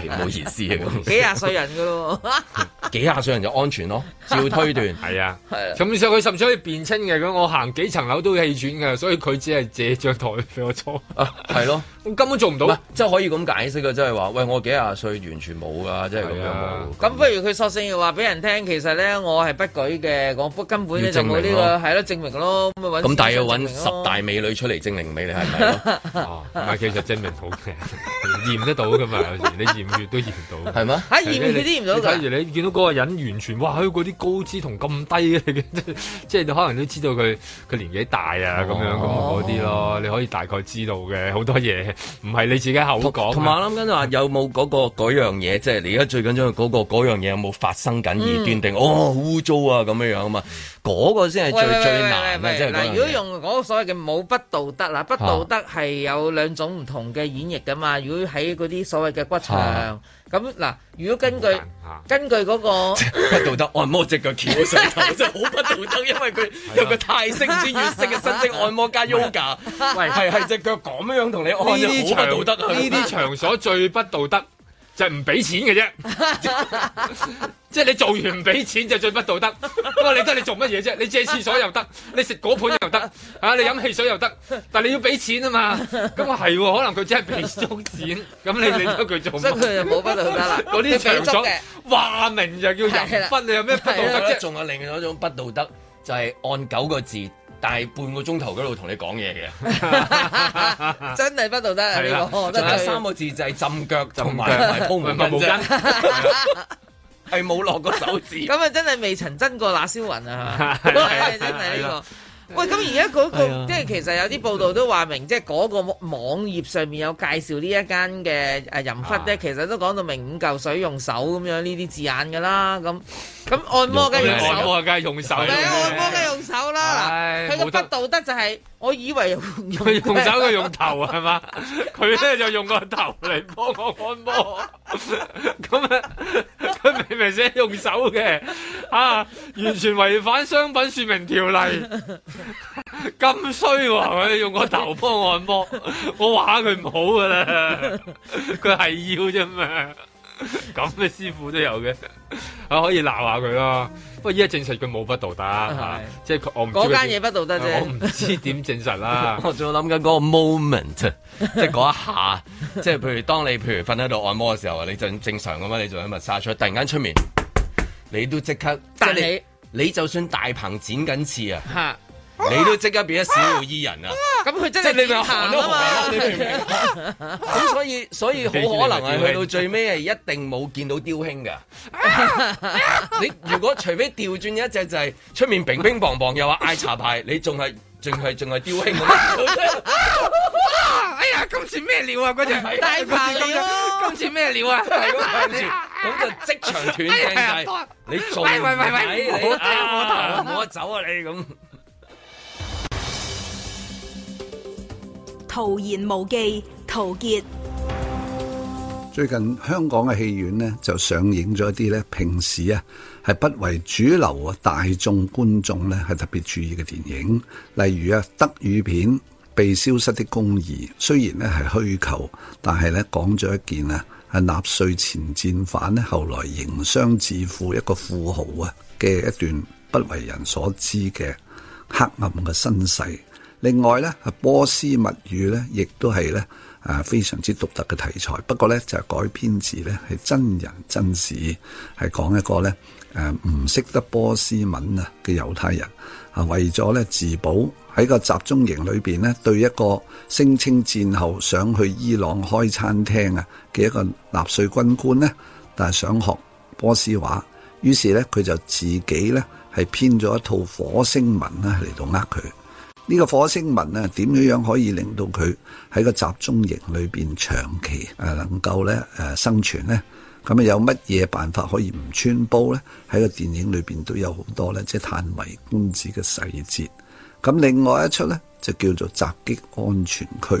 其實唔好意思啊！ <laughs> 幾廿歲人噶咯、哦， <laughs> 幾廿歲人就安全咯。照推斷係 <laughs> 啊，咁想佢，甚至可以辨清嘅咁？我行幾層樓都氣喘嘅，所以佢只係借着台俾我坐，係 <laughs> 咯、 <laughs> 啊。根本做唔到，即係可以咁解釋嘅，即係話喂，我幾廿歲完全冇噶，即係咁樣。咁不如佢索性又話俾人聽，其實咧我係不舉嘅，我根本就冇呢個，係咯，證明咯。咁但係要揾十大美女出嚟證明俾你，係咪咯？係其實證明到嘅，驗得到噶嘛？有時你驗唔驗都驗到。係咩？啊，驗唔到啲，驗唔到。睇住你見到嗰個人完全，哇！佢嗰啲高姿同咁低嘅，即係你可能都知道佢佢年紀大啊，咁樣咁嗰啲咯，你可以大概知道嘅好多嘢。唔係你自己口講，同埋我諗緊話有冇嗰、個嗰、嗯、樣嘢，即係你而家最緊張嗰個嗰樣嘢有冇發生緊而斷定、嗯、哦，污糟啊咁樣樣啊嘛，嗰、個先係最喂喂喂最難。嗱，喂如果用嗰個所謂嘅冇不道德啦，啊、不道德係有兩種唔同嘅演繹噶嘛。如果喺嗰啲所謂嘅骨場。啊啊咁嗱，如果根據根據嗰、那個 <laughs> <laughs> 不道德按摩隻腳翹上頭，就好 <laughs> 不道德，因為佢有個泰星先月升嘅新式按摩加瑜伽 <laughs> 不是、啊， <laughs> 係係隻腳咁樣同你按好不道德。呢啲場所最不道德。 <laughs> 就係唔俾錢嘅啫，即係你做完唔俾錢就最不道德。不過你得你做乜嘢啫？你借廁所又得，你食果盤又得，嚇、啊、你飲汽水又得，但係你要俾錢啊嘛。咁我係喎，可能佢真係俾足錢，咁你理得佢做咩？就冇不道德啦。嗰啲場所話明就叫人不，你，你有咩不道德啫？仲有另外一種不道德，就係、是、按九個字。大半個鐘頭嗰度同你講嘢嘅，真係不道德啊的！呢個真係三個字就係浸腳同埋鋪毛巾，係冇落個手指。咁啊，真係未曾真過那燒雲啊！ <laughs> 係咪真係呢個？ <laughs> 喂，咁而家嗰個即係、啊、其實有啲報道都話明，啊、即係嗰個網頁上面有介紹一呢一間嘅誒淫窟咧，啊、其實都講到明五嚿水用手咁樣呢啲字眼㗎啦。咁咁按摩梗用手，啊、按梗係用手啦，按摩梗用手啦。佢嘅不道德就係、是。我以為用用，用手嘅用頭係嘛？佢咧就用個頭嚟幫我按摩，咁 <laughs> 啊佢明明寫用手嘅 <laughs> 啊，完全違反商品説明條例，咁衰喎！佢用個頭幫我按摩， <laughs> 我話佢唔好噶啦，佢係腰啫嘛。咁嘅 <laughs> 師傅都有嘅、 <laughs> 啊，啊可以鬧下佢啦。不過依家證實佢冇不道德吓，即係、 <laughs> 啊即係、我唔嗰間嘢不道德啫。 <laughs> 我唔知點證實啦。 <laughs> 我仲諗緊嗰個 moment，即係嗰一下，即係 <laughs> 譬如當你譬如瞓喺度按摩嘅時候，你就正，正常咁樣你就喺抹沙，出突然間出面，你都即刻。但你你就算大鵬剪緊刺啊吓。 <laughs> 你都即刻變咗小婦人啊，咁佢真係跌下啊嘛！咁所以所以好可能啊，去到最尾係一定冇見到雕兄噶。你如果除非調轉一隻就係出面乒乒乓乓又話嗌茶牌，你仲係仲係仲係雕兄。咁哎呀，今次咩料啊？嗰隻大牌咯！今次咩料啊？咁就即場斷鏡你仲喂喂喂你！我聽我頭，冇得走啊你咁。陶言無忌，陶傑。最近香港嘅戲院呢，就上映咗一啲呢平時啊係不為主流啊大眾觀眾呢係特別注意嘅電影，例如啊德語片《被消失的公義》，雖然呢係虛構，但係呢講咗一件啊係納粹前戰犯呢後來營商致富一個富豪啊嘅一段不為人所知嘅黑暗嘅身世。另外咧，波斯物語咧，亦都係咧啊，非常之獨特嘅題材。不過咧，就係改編自咧係真人真事，係講一個咧誒唔識得波斯文啊嘅猶太人啊，為咗咧自保喺個集中營裏邊咧，對一個聲稱戰後想去伊朗開餐廳啊嘅一個納粹軍官咧，但係想學波斯話，於是咧佢就自己咧係編咗一套火星文啦嚟到呃佢。呢個火星文咧點樣樣可以令到佢喺個集中營裏邊長期誒能夠咧誒生存呢？咁啊有乜嘢辦法可以唔穿煲呢？喺個電影裏邊都有好多咧，即係嘆為觀止嘅細節。咁另外一出呢，就叫做《襲擊安全區》，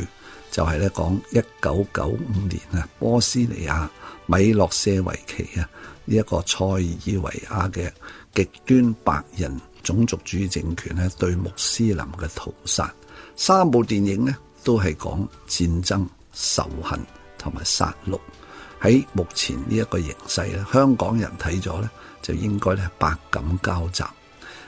就係咧講一九九五年啊，波斯尼亞米洛舍維奇啊，呢、這、一個塞爾維亞嘅極端白人。種族主義政權咧對穆斯林嘅屠殺，三部電影咧都係講戰爭、仇恨同埋殺戮。喺目前呢一個形勢咧，香港人睇咗咧就應該咧百感交集。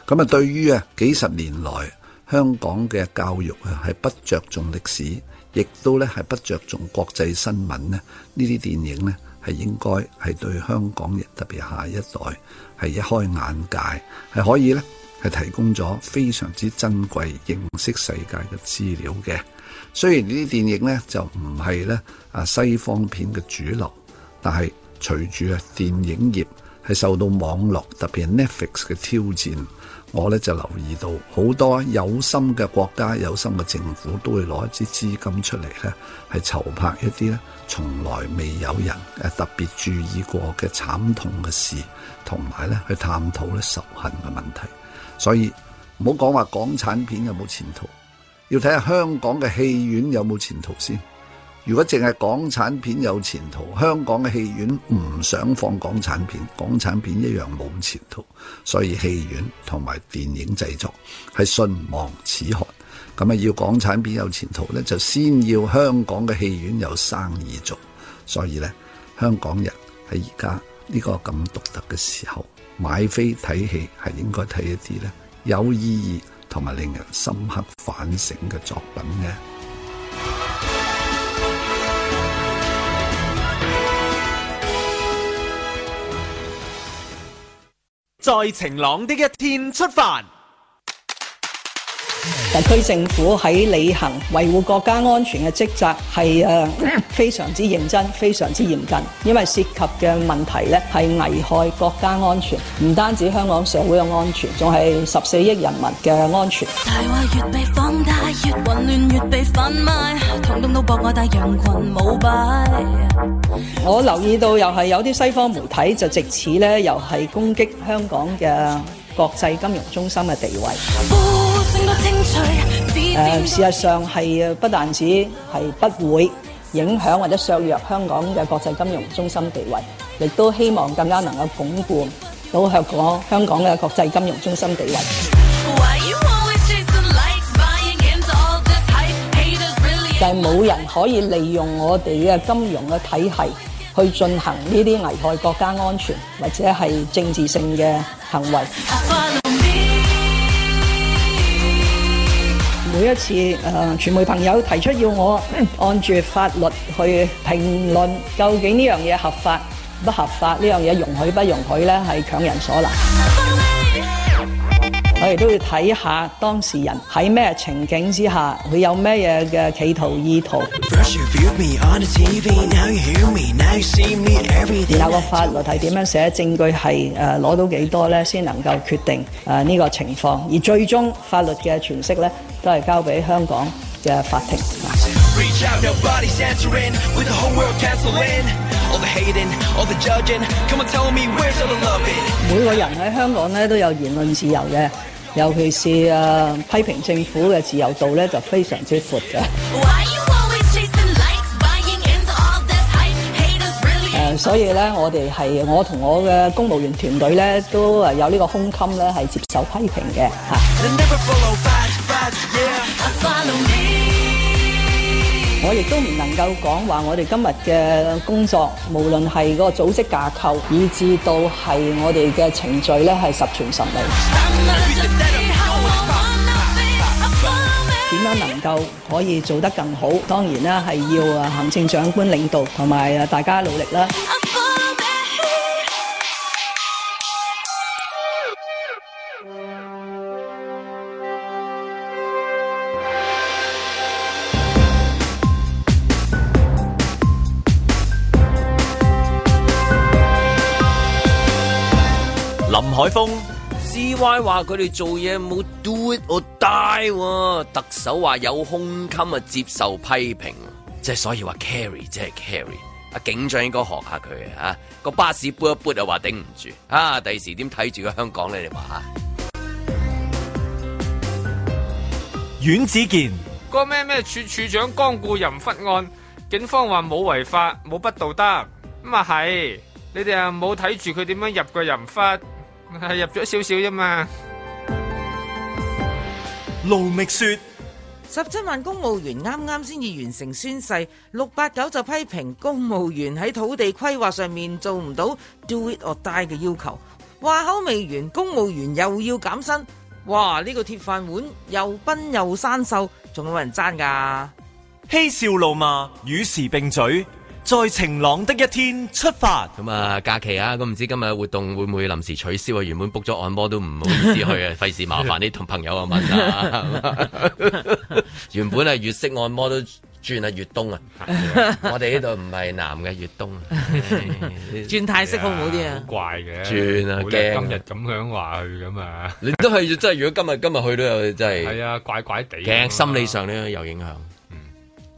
咁啊，對於啊幾十年來香港嘅教育啊係不着重歷史，亦都咧係不着重國際新聞咧呢啲電影呢，係應該係對香港人，特別下一代係一開眼界，係可以咧。係提供咗非常之珍貴認識世界嘅資料嘅。雖然呢啲電影呢就唔係咧啊西方片嘅主流，但係隨住啊電影業係受到網絡特別 Netflix 嘅挑戰，我呢就留意到好多有心嘅國家、有心嘅政府都會攞一啲資金出嚟呢係籌拍一啲咧從來未有人係特別注意過嘅慘痛嘅事，同埋呢去探討咧仇恨嘅問題。所以唔好講話港產片有冇前途，要睇下香港嘅戲院有冇前途先。如果淨係港產片有前途，香港嘅戲院唔想放港產片，港產片一樣冇前途。所以戲院同埋電影製作係唇亡齒寒。咁啊，要港產片有前途呢就先要香港嘅戲院有生意做。所以呢，香港人喺而家呢個咁獨特嘅時候。買飛睇戲係應該睇一啲咧有意義同埋令人深刻反省嘅作品嘅。在晴朗的一天出發。特區政府喺履行維護國家安全嘅職責係非常之認真，非常之嚴謹，因為涉及嘅問題呢係危害國家安全，唔單止香港社會嘅安全，仲係十四億人民嘅安全。我留意到又係有啲西方媒體就借此呢，又係攻擊香港嘅。國際金融中心嘅地位，誒、呃、事實上係不單止係不會影響或者削弱香港嘅國際金融中心地位，亦都希望更加能夠鞏固到香港香港嘅國際金融中心地位，但係冇人可以利用我哋嘅金融嘅體系。去進行呢啲危害國家安全或者係政治性嘅行為。每一次誒，傳媒朋友提出要我按住法律去評論，究竟呢樣嘢合法不合法？呢樣嘢容許不容許呢？係強人所難。我哋都要睇下當事人喺咩情景之下，佢有咩嘢嘅企圖意圖。TV, me, me, 然後個法律係點樣寫？證據係誒攞到幾多咧，先能夠決定誒呢個情況。而最終法律嘅詮釋咧，都係交俾香港嘅法庭。 <music> 每個人喺香港咧都有言論自由嘅。尤其是啊、呃，批評政府嘅自由度咧就非常之闊嘅。誒，呃，所以咧，我哋係我同我嘅公務員團隊咧，都啊有呢個胸襟咧，係接受批評嘅嚇。我亦都唔能夠講話，我哋今日嘅工作，無論係個組織架構，以至到係我哋嘅程序咧，係十全十美。點樣能夠可以做得更好？當然啦，係要行政長官領導同埋啊大家努力啦。海峰，C Y 話佢哋做嘢冇 do it or die，啊，特首話有胸襟啊，接受批評，即係所以話 Carrie，即係 Carrie。阿警長應該學下佢啊，個巴士搏一搏話頂唔住啊，第時點睇住個香港你哋話啊？阮子健，個咩咩處處長光顧淫窟案，警方話冇違法，冇不道德，咁啊係，你哋啊冇睇住佢點樣入個淫窟？係入咗少少啫嘛。盧覓雪，十七萬公務員啱啱先至完成宣誓，六八九就批評公務員喺土地規劃上面做唔到 do it or die 嘅要求。話口未完，公務員又要減薪，哇！呢、這個鐵飯碗又崩又生鏽，仲有冇人爭噶？嬉笑怒罵，與時並舉。在晴朗的一天出發。咁啊，假期啊，咁唔知今日嘅活動會唔會臨時取消啊？原本 book 咗按摩都唔好意思去啊，費事 <laughs> 麻煩啲同朋友啊問啊。 <laughs> <laughs> 原本係粵式按摩都轉啊粵東啊， <laughs> 我哋呢度唔係南嘅粵東。轉泰式好唔好啲啊？怪嘅，轉啊驚！今日咁樣話去咁啊，你都係真係，如果今日今日去都有真係。係啊，怪怪地。驚心理上咧有影響。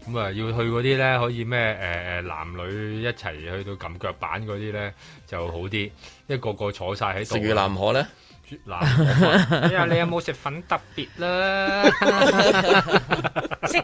咁啊、嗯，要去嗰啲呢，可以咩？誒、呃、男女一齊去到撳腳板嗰啲呢，就好啲。一個個坐晒喺度食越南河咧，越南，呀你，你有冇食粉特別咧？ <laughs> Salz lean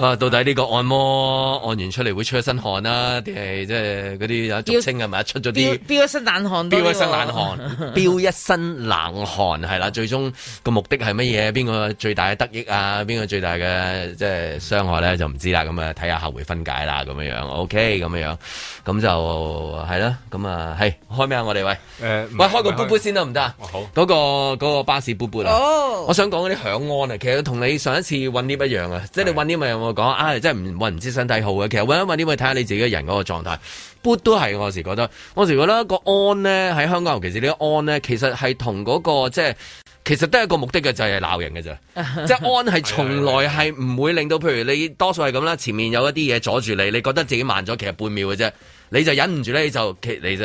er、啊到底呢個按摩按完出嚟會出一身汗啊？定係即係嗰啲有俗稱係咪出咗啲？飆一身冷汗、啊，飆一身冷汗，飆一身冷汗係啦。最終個目的係乜嘢？邊個最大嘅得益啊？邊個最大嘅即係傷害咧？就唔知啦。咁啊睇下下回分解啦。咁樣樣，OK，咁樣樣，咁、OK，就係啦。咁、嗯、啊，係、嗯嗯嗯嗯、開咩啊？我嚟，喂，誒、呃，喂，是開個 boot boot 先得唔得啊？好，嗰、那個、那個巴士 boot boot 啊，oh! 我想講嗰啲響安啊，其實同你上一次運 lift 一樣啊，即係你運 lift 咪有我講啊，即係唔運唔知身體好嘅、啊，其實運一運 lift 咪睇下你自己人嗰個狀態 boot 都係我有時覺得，我有時覺得，時覺得個安呢喺香港尤其是呢個安呢，其實係同嗰個即係，其實都係一個目的嘅，就係鬧人嘅啫，即係安係從來係唔會令到，譬如你多數係咁啦，前面有一啲嘢阻住你，你覺得自己慢咗，其實半秒嘅啫，你就忍唔住咧就企你，你就。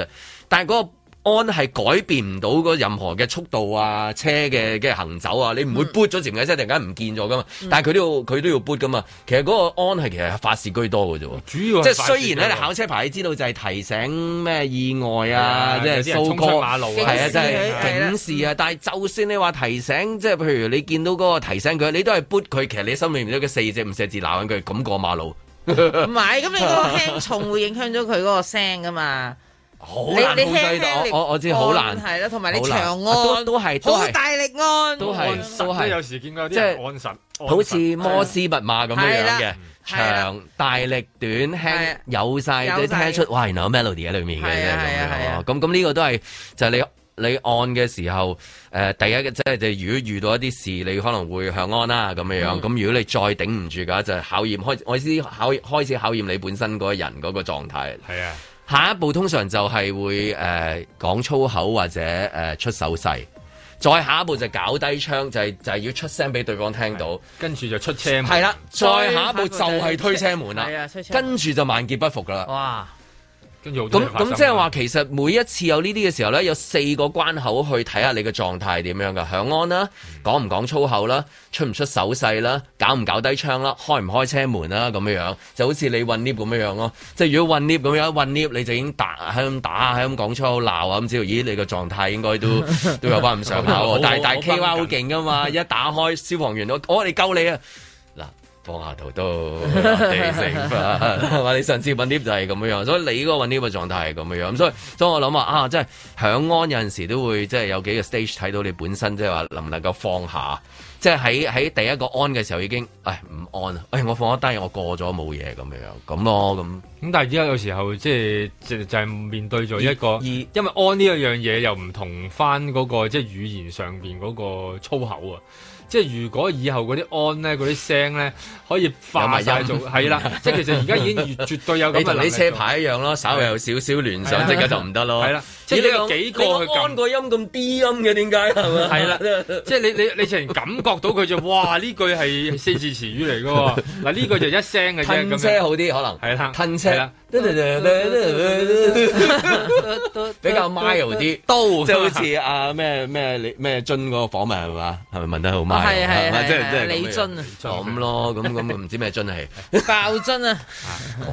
但係、那個。安係改變唔到任何嘅速度啊，車嘅嘅行走啊，你唔會 boot 咗前嘅車突然間唔見咗噶嘛？但係佢都要佢都要 boot 噶嘛？其實嗰個安係其實係法事居多嘅啫。主要即係雖然咧，你考車牌你知道就係提醒咩意外啊，即係疏過馬路係真係警示啊。但係就算你話提醒，即係譬如你見到嗰個提醒佢，你都係 boot 佢。其實你心裏面都四只唔識字鬧緊佢，咁過馬路。唔係咁，你嗰個輕重會影響咗佢嗰個聲噶嘛？好難，我我知好難係啦，同埋，你長按都都係都係大力按，都係都係有時見過啲即係按神，好似摩斯密碼咁樣嘅長大力短輕，有晒你聽得出，喂，原來有 melody 喺裏面嘅，咁咁呢個都係就係你你按嘅時候，誒，第一即係如果遇到一啲事，你可能會向安啦咁樣樣。咁如果你再頂唔住嘅話，就考驗開我先考開始考驗你本身嗰人嗰個狀態係啊。下一步通常就係會誒講、呃、粗口或者誒、呃、出手勢，再下一步就搞低槍，就係、係、就係、係、要出聲俾對方聽到，跟住就出車門。係啦，再下一步就係推車門啦，車門跟住就萬劫不復噶啦。哇！咁咁即係話，其實每一次有呢啲嘅時候咧，有四個關口去睇下你嘅狀態係點樣噶。響安啦、啊，講唔講粗口啦、啊，出唔出手勢啦、啊，搞唔搞低窗啦、啊，開唔開車門啦、啊，咁樣樣就好似你混 lift 咁樣樣、啊、咯。即係如果混 lift 咁樣，混 lift 你就已經打喺咁打喺咁講粗口鬧啊咁。知道咦，你嘅狀態應該都 <laughs> 都有班咁上口。 <laughs> 但係是大 <laughs> K Y 好勁噶嘛， <laughs> 一打開消防員都，我我嚟救你啊！放下、啊、都落地生你上次揾 t 就係咁樣樣，所以你嗰個揾 t 嘅狀態係咁樣樣，所以所以我諗啊，啊，即係響安有陣時都會即係有幾個 stage 睇到你本身即係話能唔能夠放下，即係喺喺第一個安嘅時候已經，唉 on, 哎唔安啊，哎我放一單我過咗冇嘢咁樣樣，咁咯咁。咁但係而家有時候即係就就係、係面對咗一個，而因為安呢一樣嘢又唔同翻、那、嗰個即係語言上邊嗰個粗口啊。即係如果以後嗰啲安咧嗰啲聲咧可以化晒做係啦，即係其實而家已經絕對有咁啊！你同啲車牌一樣咯，稍微有少少聯想即係就唔得咯。係啦，即係你有幾個佢個音咁低音嘅點解係嘛？係啦，即係你你你突然感覺到佢就哇呢句係四字詞語嚟嘅喎嗱呢句就一聲嘅啫咁。㗋好啲可能係啦㗋車。 <noise> 比較 mild 啲，都即係好似阿咩咩李咩樽嗰個訪問係咪，係咪問得好 mild？係係係，即係即係李樽啊，咁咯，咁咁唔知咩樽係爆樽啊，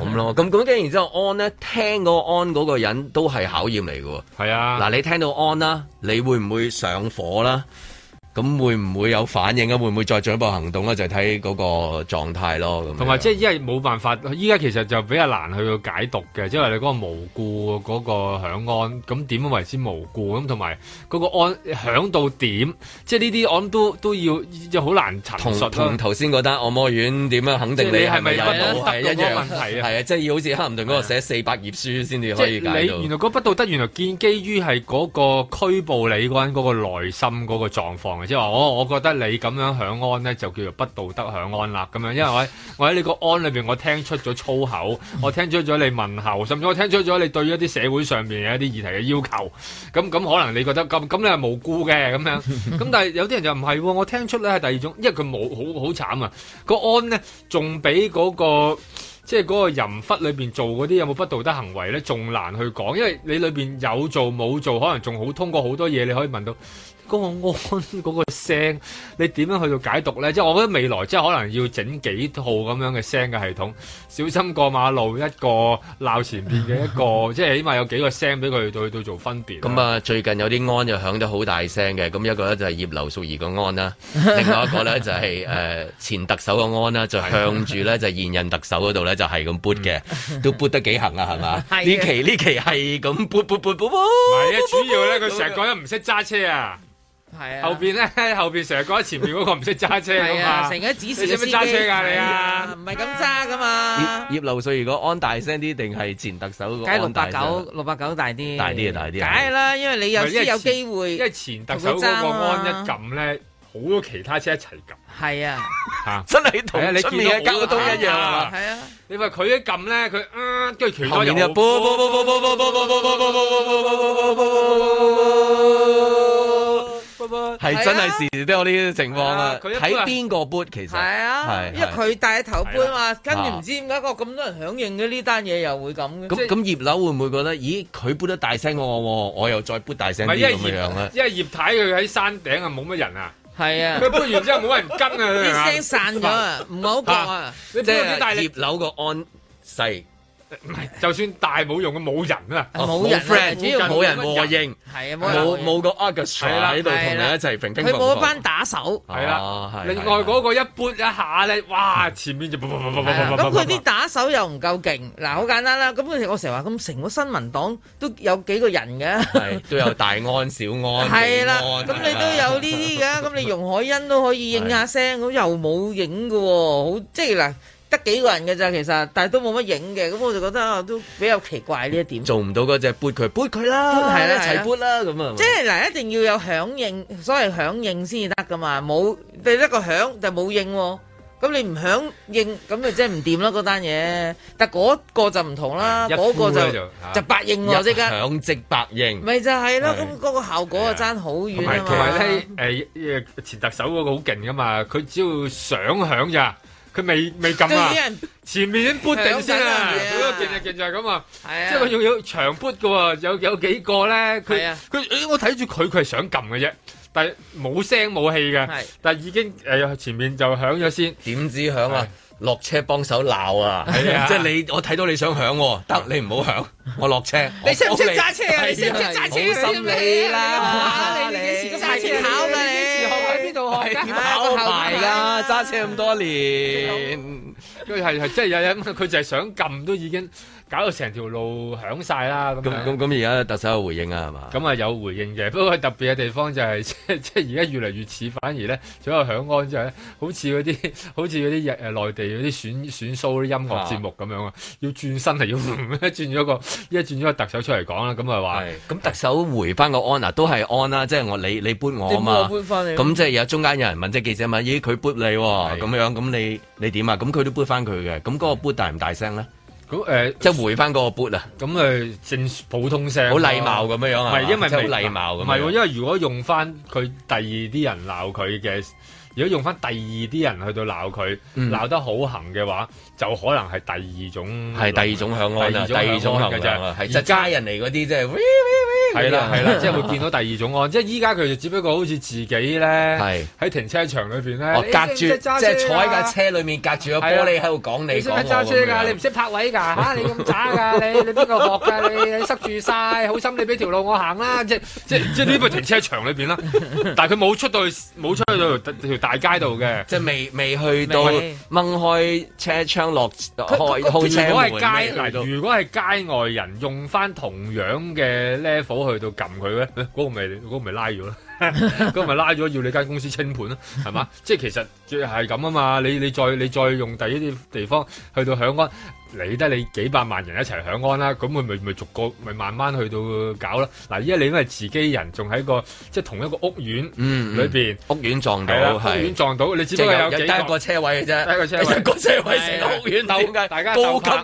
咁 <laughs> 咯，咁咁跟然,後然後之後安 n 咧，聽嗰個安嗰個人都係考驗嚟嘅，係是啊,啊，嗱你聽到安啦，你會唔會上火啦？咁會唔會有反應啊？會唔會再進一步行動咧？就睇、是、嗰個狀態咯。同埋即係因為冇辦法，依家其實就比較難去解讀嘅、就是就是，即係你嗰個無故嗰個響案，咁點為之無故咁？同埋嗰個案響到點？即係呢啲案都都要好難查實。同同頭先嗰單按摩院點樣肯定你係咪道德問題啊？係啊，即係要好似克林頓嗰度寫四百頁書先至可以。解。原來嗰不道德， <laughs> 就是、原來建基於係嗰個拘捕你嗰陣嗰個內心嗰個狀況即係話，我我覺得你咁樣享安咧，就叫做不道德享安啦。咁樣，因為喺我喺呢個安裏邊，我聽出咗粗口，我聽出咗你問候，甚至我聽出咗你對於一啲社會上面嘅一啲議題嘅要求。咁咁可能你覺得咁咁你係無辜嘅咁樣。咁但係有啲人就唔係，我聽出咧係第二種，因為佢冇好好慘啊。個安咧仲比嗰個即係嗰個淫窟裏邊做嗰啲有冇不道德行為咧，仲難去講，因為你裏邊有做冇做，可能仲好通過好多嘢，你可以問到。嗰個安嗰個聲，你點樣去到解讀咧？即係我覺得未來即係可能要整幾套咁樣嘅聲嘅系統，小心過馬路，一個鬧前邊嘅一個，即係起碼有幾個聲俾佢去到做分別。咁啊，最近有啲安就響得好大聲嘅，咁一個咧就係葉劉淑儀個安啦，另外一個咧就係、是、誒、呃、前特首個安啦，就向住咧就現任特首嗰度咧就係咁 boot 嘅， <laughs> 都 boot 得幾行啊，係嘛？呢的期呢期係咁 boot boot boot boot boot 唔係啊，主要咧佢成日講得唔識揸車啊！係啊，後邊咧，後邊成日趕前面嗰個唔識揸車啊嘛，成個指示嘅司機揸車噶你啊？唔係咁揸噶嘛。葉劉瑞如果安大聲啲，定係前特首個？梗係六八九，六八九大啲。大啲啊，大啲。梗係啦，因為你有啲有機會，因為前特首個安一撳咧，好多其他車一齊撳。係啊，吓真係同出面嘅交通都一樣啊。係啊，你話佢一撳咧，佢跟住全開咗波。係真係時時都有呢啲情況啊。睇邊個撥其實，因為佢帶頭撥啊，跟住唔知點解個咁多人響應嘅，呢單嘢又會咁。咁咁葉劉會唔會覺得，咦佢撥得大聲過我，我又再撥大聲啲咁樣咧？因為葉太佢喺山頂啊，冇乜人啊，係啊，佢撥完之後冇人跟啊，啲聲散咗啊，唔好講啊，即係葉劉個安勢。唔係，就算大冇用嘅冇人啊，冇人，主要冇人和應，冇冇個 argument 喺度同你一齊平平。佢冇一班打手，係啦，另外嗰個一撥一下咧，哇，前面就咁佢啲打手又唔夠勁。嗱，好簡單啦。咁我成日話，咁成個新聞黨都有幾個人嘅，都有大安、小安，係啦，咁你都有呢啲嘅。咁你容海欣都可以應下聲，咁又冇影嘅喎，好即係嗱。得幾個人嘅咋？其實，但係都冇乜影嘅，咁我就覺得啊，都比較奇怪呢一點。做唔到嗰隻，撥佢撥佢啦，係啦，一齊撥啦咁啊！即係嗱，一定要有響應，所謂響應先至得㗎嘛。冇得一個響就冇應喎。咁你唔響應，咁咪即係唔掂咯嗰單嘢。但係嗰個就唔同啦，嗰個就就百應喎，即係兩直百應。咪就係咯，咁嗰個效果啊爭好遠啊。同埋咧，誒前特首嗰個好勁㗎嘛，佢只要想響咋。佢未未撳啊！前面先撥定先啊！佢嗰件就件就係咁啊！即係佢用咗長撥嘅喎，有有幾個咧？佢佢誒我睇住佢，佢係想撳嘅啫，但係冇聲冇氣嘅，但係已經誒前面就響咗先。點知響啊？落車幫手鬧啊！即係你我睇到你想響，得你唔好響，我落車。你識唔識揸車啊？你識唔識揸車先你啊？你揸車考嘅你。點、哎、跑鞋啊？揸車咁多年，佢係係即係有人，佢就係想撳都已經。搞到成條路響晒啦！咁咁咁而家特首有回應啊，係嘛？咁啊有回應嘅，不過特別嘅地方就係即即而家越嚟越似，反而咧除咗響安之後咧，好似嗰啲好似嗰啲日誒內地嗰啲選選 show 啲音樂節目咁樣啊，要轉身係要 <laughs> 轉咗個，因為轉咗個特首出嚟講啦，咁咪話咁特首回翻個安嗱都係安啦，即係我你你撥我啊嘛，點解我撥翻你？咁即係有中間有人問即係記者問咦佢撥你咁、哦、樣咁的你你點啊？咁佢都撥翻佢嘅，咁嗰個撥大唔大聲咧？咁誒，呃、即係回翻嗰個 boot 啊！咁誒正普通聲，好禮貌咁樣啊，即係好禮貌咁。唔係喎，因為如果用翻佢第二啲人鬧佢嘅，如果用翻第二啲人去到鬧佢，鬧得好狠嘅話。就可能係第二種，係第二種響安第二種響安嘅就揸人嚟嗰啲啫，係啦，係啦，即係會見到第二種安。即係依家佢就只不過好似自己咧，喺停車場裏邊咧，隔住即係坐喺架車裏面隔住個玻璃喺度講你講我咁樣。你識唔識揸車㗎？你唔識泊位㗎嚇？你咁渣㗎？你你邊個學㗎？你塞住晒，好心你俾條路我行啦！即即即呢個停車場裏邊啦。但係佢冇出到去，冇出去到條大街度嘅。即係未未去到掹開車窗。落台號如果係街呢如果係街外人用翻同樣嘅 level 去到撳佢咧，嗰個咪嗰個咪拉咗咯。咁咪拉咗要你間公司清盤咯，係嘛？即係其實最係咁啊嘛！你你再你再用第一啲地方去到享安，你得你幾百萬人一齊享安啦，咁佢咪咪逐個咪慢慢去到搞啦。嗱，依家你因為自己人仲喺個即係同一個屋苑裏邊，屋苑撞到，屋苑撞到，你知道有幾一個車位嘅啫，一個車位，一個車位成個屋苑點解大家高級高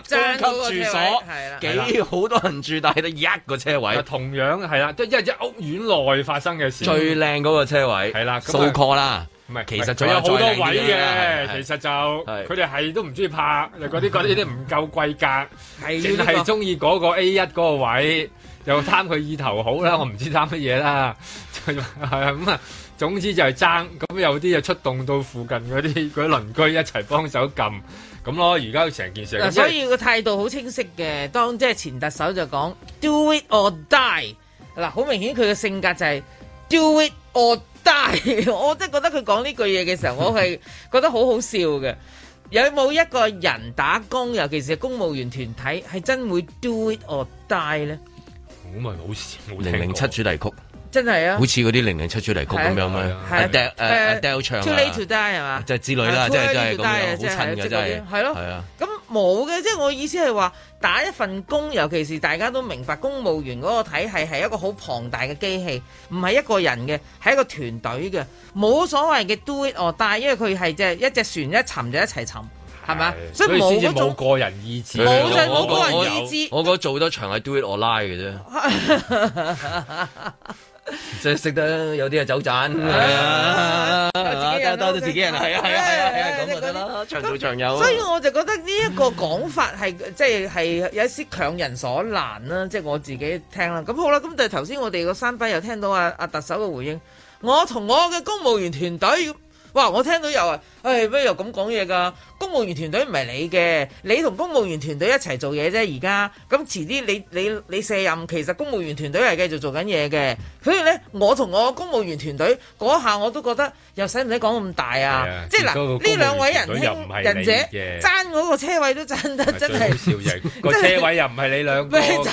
級住所，幾好多人住，但係得一個車位，同樣係啦，即係一屋苑內發生嘅事。最靚嗰個車位係啦，數 call 啦，唔係其實仲有好多位嘅。其實就佢哋係都唔中意拍，又嗰啲嗰啲啲唔夠規格，淨係中意嗰個 A 一嗰個位，又貪佢意頭好啦。我唔知貪乜嘢啦，係啊咁啊，總之就係爭咁，有啲就出動到附近嗰啲嗰啲鄰居一齊幫手撳咁咯。而家成件事，所以個態度好清晰嘅。當即係前特首就講 do it or die 嗱，好明顯佢嘅性格就係。Do it or die， <laughs> 我真係覺得佢講呢句嘢嘅時候，我係覺得好好笑嘅。有冇一個人打工尤其是公務員團體，係真會 do it or die 咧？咁咪好笑，零零七主題曲。真係啊，好似嗰啲零零七出嚟曲咁樣咩？阿 Del 阿 Del 唱，Too Late to Die 係嘛？就係之類啦，即係真係咁樣，好襯嘅真係。係咯，係啊。咁冇嘅，即係我意思係話打一份工，尤其是大家都明白公務員嗰個體系係一個好龐大嘅機器，唔係一個人嘅，係一個團隊嘅，冇所謂嘅 do it or die，因為佢係即係一隻船一沉就一齊沉，係咪啊？所以先至冇個人意志。冇就冇個人意志。我覺得做得長係 do it or lie 嘅啫。即係識得有啲係走賺，係啊，兜兜都自己人，係啊，係啊，係啊，咁就得啦，長長有。所以我就覺得呢一個講法係即係係有一啲強人所難啦，即係我自己聽啦。咁好啦，咁但係頭先我哋個山賓又聽到阿阿特首嘅回應，我同我嘅公務員團隊。哇！我聽到又話，誒、哎、咩又咁講嘢㗎？公務員團隊唔係你嘅，你同公務員團隊一齊做嘢啫。而家咁遲啲，你你你卸任，其實公務員團隊係繼續做緊嘢嘅。所以咧，我同我公務員團隊嗰下我都覺得又使唔使講咁大啊？啊即係啦嗱，呢兩位人兄人者爭嗰個車位都爭得真係，個 <laughs> 車位又唔係你兩個嘅， <laughs> 就係就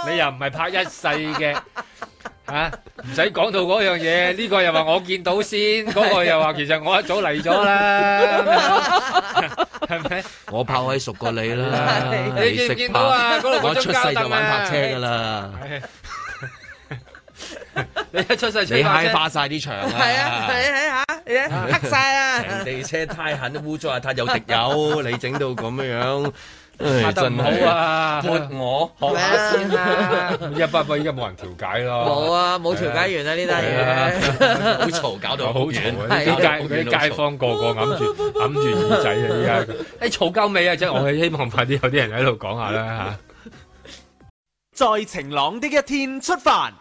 係你又唔係拍一世嘅。 <laughs> 吓，唔使講到嗰樣嘢，呢 <laughs> 個又話我見到先，嗰 <laughs> 個又話其實我一早嚟咗啦，係咪？ <laughs> 我跑位熟過你啦， <laughs> 你，你見唔見到啊？嗰度 <laughs> 我一出世就玩泊車噶啦， <laughs> <laughs> 你一出世 <laughs> 你揩花晒啲場啊！係啊，你睇下，你黑晒啊！平地車胎痕都污糟啊，邋遢又滴油， <laughs> 你整到咁樣樣。拍得唔好啊！我學我先啦！一巴閉，依家冇人調解咯。冇啊，冇調解完啊，呢單嘢，好嘈，搞到好遠！啲街啲街坊個個掩住掩住耳仔啊！依家你嘈夠未啊？真係我係希望快啲有啲人喺度講下啦吓！在晴朗的一天出發。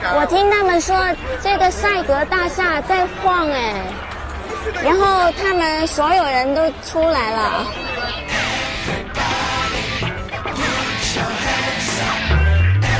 我聽他們說，這個賽格大廈在晃誒，然後他們所有人都出來了。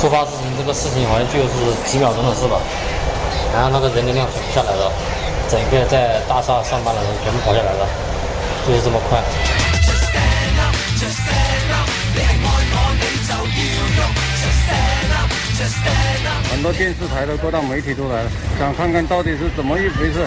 突發事情，這個事情好像就是幾秒鐘的事吧，然後那個人流量全部下來了，整個在大廈上班的人全部跑下來了，就是這麼快。很多電視台的各大媒體都來了，想看看到底是怎麼一回事。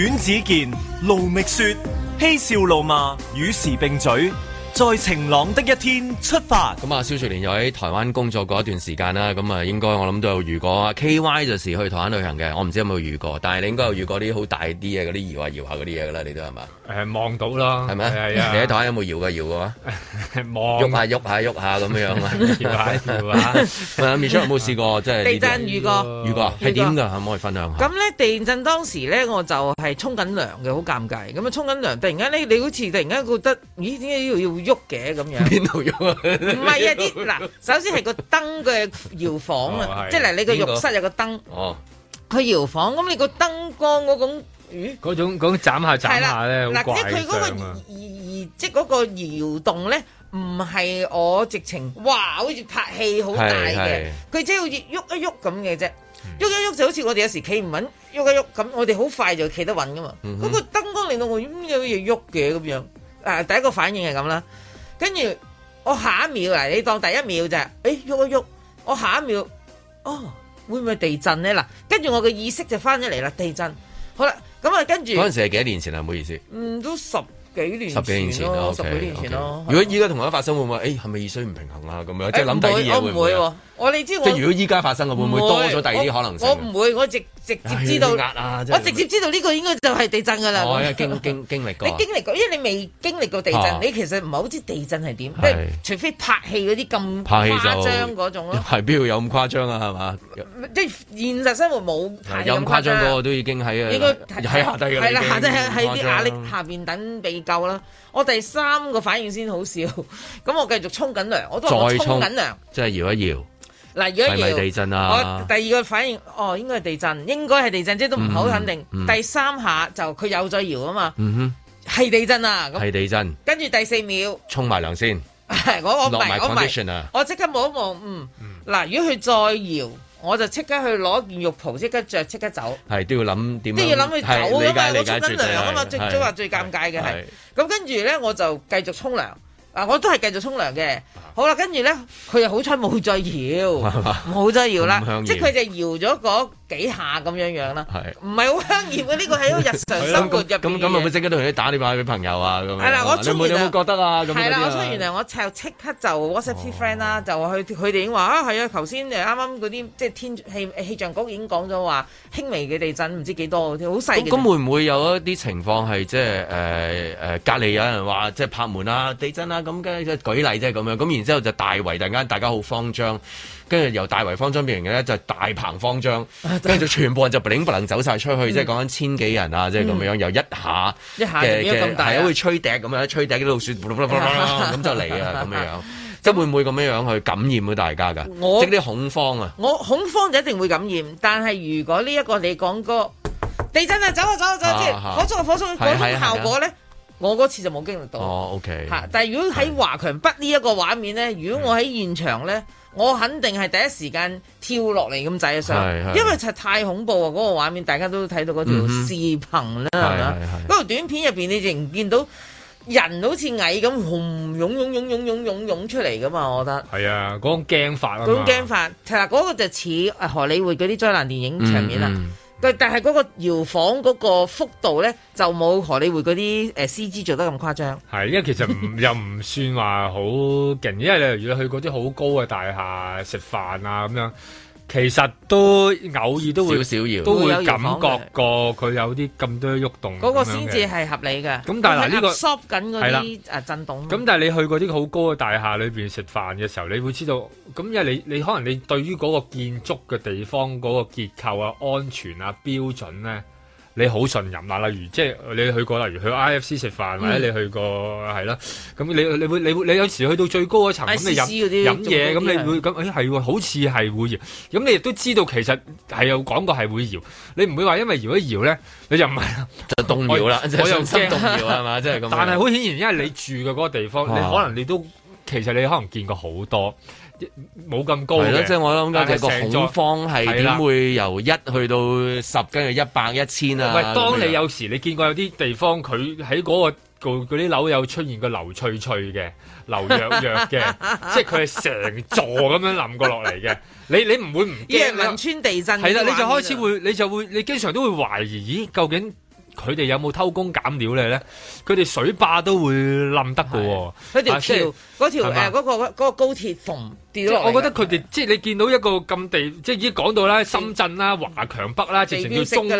阮子健路覓雪，嬉笑怒罵與時並嘴。在晴朗的一天出發。咁啊，蕭卓年又喺台灣工作過一段時間啦。咁啊，應該我諗都有遇過 K Y 就事去台灣旅行嘅。我唔知有冇遇過，但係你應該有遇過啲好大啲嘅嗰啲搖啊、搖下嗰啲嘢啦。你都係嘛？誒，望到咯，係嘛？你喺台有冇搖噶？搖噶？望，喐下喐下喐下咁樣啊！搖下搖下。阿 Michelle 有冇試過？即係地震遇過，遇過係點噶？可唔可以分享下？咁咧地震當時咧，我就係沖緊涼嘅，好尷尬。咁啊沖緊涼，突然間你你好似突然間覺得，咦？點解要要喐嘅咁樣？邊度喐啊？唔係啊，啲嗱，首先係個燈嘅搖晃啊，即係嚟你個浴室有個燈，佢搖晃，咁你個燈光嗰種。嗰、嗯、種嗰種斬下斬下咧，嗱了、啊、即係嗰佢嗰個而而即係個搖動咧，唔係我直情哇好似拍戲是好大嘅，佢即係好似喐一喐咁嘅啫，喐一喐就好似我哋有時企唔穩，喐一喐咁，我哋好快就企得穩噶嘛。嗰、嗯、哼個燈光令到我要喐嘅咁樣，誒第一個反應係咁啦，跟住我下一秒啊，你當第一秒就係誒喐一喐，我下一秒哦會唔會地震咧？嗱，跟住我嘅意識就翻咗嚟啦，地震。好啦，咁啊跟住嗰陣時係幾多年前啦、啊，唔好意思。嗯，都十幾年前、啊、十幾年前咯、啊，okay, 十幾年前咯、啊。okay. 如果依家同一發生會唔會？誒、欸，係咪意衰唔平衡啊？咁樣即係諗第啲嘢會唔會？會會啊、我哋知我。即係如果依家發生嘅我會唔會多咗第二啲可能性？我唔會，我直。直接知道，我直接知道呢個應該就係地震噶啦。我經經經歷過，你經歷過，因為你未經歷過地震，你其實唔係好知地震係點，即係除非拍戲嗰啲咁誇張嗰種咯。係邊度有咁誇張啊？係嘛？即係現實生活冇拍戲咁誇張咯，都已經喺啊，應該喺下低啦。係啦，下低喺喺啲壓力下邊等被救啦。我第三個反應先好笑，咁我繼續沖緊涼，我都係沖緊涼，即係搖一搖。嗱，如果搖，我第二個反應，哦，應該係地震，應該係地震，即都唔好肯定。第三下就佢又再搖啊嘛，係地震啊，係地震。跟住第四秒，沖埋涼先。我我唔係我唔我即刻望一望，嗯。嗱，如果佢再搖，我就即刻去攞件浴袍，即刻着，即刻走。係都要諗，點都要諗佢走噶嘛，我沖緊涼啊嘛，最中話最尷尬嘅係。咁跟住咧，我就繼續沖涼。啊！我都係繼續沖涼嘅，啊、好啦，跟住咧，佢又好彩冇再搖，冇 <laughs> 再搖啦，即係佢就搖咗、個幾下咁樣樣啦，唔係好香豔嘅，呢個喺一個日常生活入邊。咁咁咪會即刻同你打電話俾朋友啊咁樣。係啦、啊，我出門有冇覺得啊？係啦、啊，我出完嚟我即刻就 WhatsApp 啲 friend 啦、啊，哦、就佢佢哋已經話啊係啊，頭先誒啱啱嗰啲即係天氣氣象局已經講咗話輕微嘅地震，唔知幾多好細。咁、嗯、會唔會有一啲情況係即係誒誒隔離有人話即係拍門啊地震啦咁嘅舉例啫咁樣，咁然之後，後就大圍突然間大家好慌張。跟住由大圍方丈變成嘅咧，就大鵬方丈，跟住全部人就零不能走晒出去，即係講緊千幾人啊，即係咁樣樣，又一下，一下，即係係好似吹笛咁樣，吹笛啲老鼠咁就嚟啊，咁樣樣，即係會唔會咁樣樣去感染到大家㗎？即啲恐慌啊！我恐慌就一定會感染，但係如果呢一個你講個地震啊，走啊走啊走，即係火速火速火速效果咧，我嗰次就冇經歷到。哦，OK。嚇！但係如果喺華強北呢一個畫面咧，如果我喺現場咧。我肯定係第一時間跳落嚟咁仔上，因為實在太恐怖啊！嗰、嗰個畫面大家都睇到嗰條視頻啦，嗰條短片入邊你淨見到人好似蟻咁，洶湧湧湧湧湧湧湧出嚟噶嘛，我覺得。係啊，嗰種驚法啊嘛。嗰種驚法，其實嗰個就似荷里活嗰啲災難電影場面啦。嗯嗯啊但但係嗰個搖晃嗰個幅度咧，就冇荷里活嗰啲誒 C G 做得咁誇張。係，因為其實 <laughs> 又唔算話好勁，因為例如你去嗰啲好高嘅大廈食飯啊咁樣。其實都偶爾都會小小都會感覺過佢有啲咁多喐動，嗰個先至係合理嘅。咁但係呢、呢個吸緊啲誒振動。咁但係你去過啲好高嘅大廈裏邊食飯嘅時候，你會知道，咁因為你你可能你對於嗰個建築嘅地方嗰個結構啊、安全啊、標準咧、啊。你好信任啊，例如即係你去過，例如去 IFC 食飯、嗯、或者你去過係啦。咁你你會你會你有時去到最高嗰層咁、嗯、你飲試試飲嘢料咁、嗯、你會咁誒係喎，好似係會搖。咁你亦都知道其實係有講過係會搖。你唔會話因為搖一搖咧，你就唔係就動搖啦。我又驚動搖係嘛？即係咁。但係好顯然，因為你住嘅嗰個地方，你可能你都其實你可能見過好多。冇咁高嘅，即係我諗緊個恐慌係點會由一去到十的，跟住一百、一千啊？喂，當你有時你見過有啲地方，佢喺嗰個嗰啲樓有出現個流脆脆嘅、流弱弱嘅， <laughs> 即係佢係成座咁樣冧過落嚟嘅。你你唔會唔驚？因為汶川地震係啦，你就開始會，你就會，你經常都會懷疑，咦，究竟佢哋有冇偷工減料咧？咧，佢哋水壩都會冧得嘅喎，嗰條橋、嗰條誒、嗰個嗰、嗰個嗰個高鐵縫。我覺得佢哋是的 即係你見到一個咁地，即係已經講到啦，深圳啦、華強北啦，直情叫中國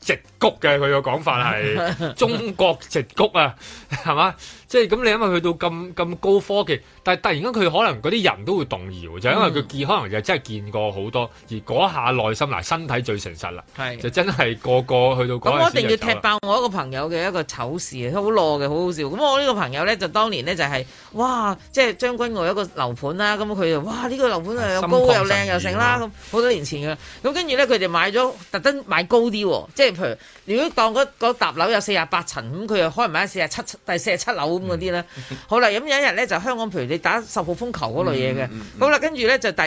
矽谷嘅佢個講法係中國矽谷啊，係嘛？ <laughs> 即係咁你因為去到咁咁高科技，嗯嗯、但係突然間佢可能嗰啲人都會動搖，就因為佢見可能就真係見過好多，而嗰下內心嗱身體最誠實啦，係的就真係個個去到嗰陣時就走啦。咁我一定要踢爆我一個朋友嘅一個醜事好駱嘅，好好笑。咁我呢個朋友咧就當年咧就係、是、哇，即、就、係、是、將軍澳一個樓盤啦，咁、嗯。佢啊！哇！呢、呢個樓盤又高又靚又成啦咁，好多年前嘅咁，跟住咧佢哋買咗特登買高啲喎、哦，即係譬如如果當嗰嗰塔樓有四十八層，咁佢又開埋一四十七、第四十七樓咁嗰啲咧。好啦，咁、嗯嗯、有一日咧就香港譬如你打十號風球嗰類嘢嘅，嗯嗯嗯、好啦，跟住咧就第二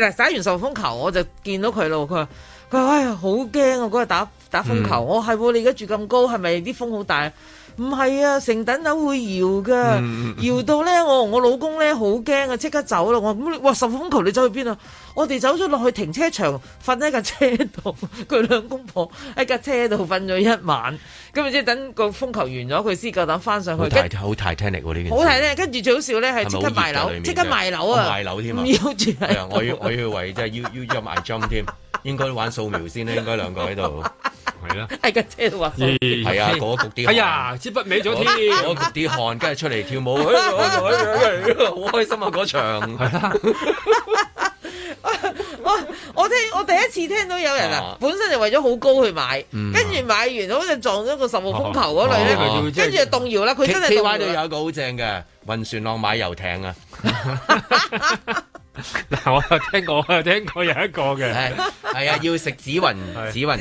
嗱打完十號風球我就見到佢咯，佢話，佢話唉呀好驚啊！嗰日打打風球，嗯、我係、哎、你而家住咁高，係咪啲風好大？唔係啊，成棟樓會搖噶，搖、嗯嗯、到咧我我老公咧好驚啊，即刻走啦！我話，你，哇十號風球你走去邊啊？我哋走咗落去停車場瞓喺架車度，佢兩公婆喺架車度瞓咗一晚，咁即係等個風球完咗，佢先夠膽翻上去。好太好 Titanic 呢件，好睇咧！跟住最好笑咧係即刻賣樓，即刻賣樓啊！賣樓添啊！我要我要為真係要要入埋金添，應該玩素描先咧，應該兩個喺度係啦，喺架車度玩。係啊，嗰焗啲，哎呀，先不美咗添，嗰焗啲汗，跟住出嚟跳舞，好開心啊！嗰場係啦。 <laughs> 我我聽我第一次聽到有人啊，本身就為咗好高去買，跟住買完好似撞咗個十號風球嗰類咧，跟住就動搖啦。佢真係 K Y 度有一個好正嘅，暈船浪買遊艇啊！嗱，我聽過，我聽過有一個嘅，係啊，要食紫雲紫雲丸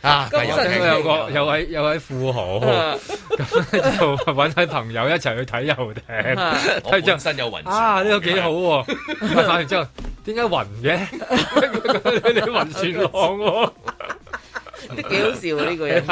啊！有個有位有位富豪，咁就揾晒朋友一齊去睇遊艇，睇完之後身有暈啊，呢個幾好喎！睇完之後，點解暈嘅？你你暈船浪喎，都幾好笑啊！呢個人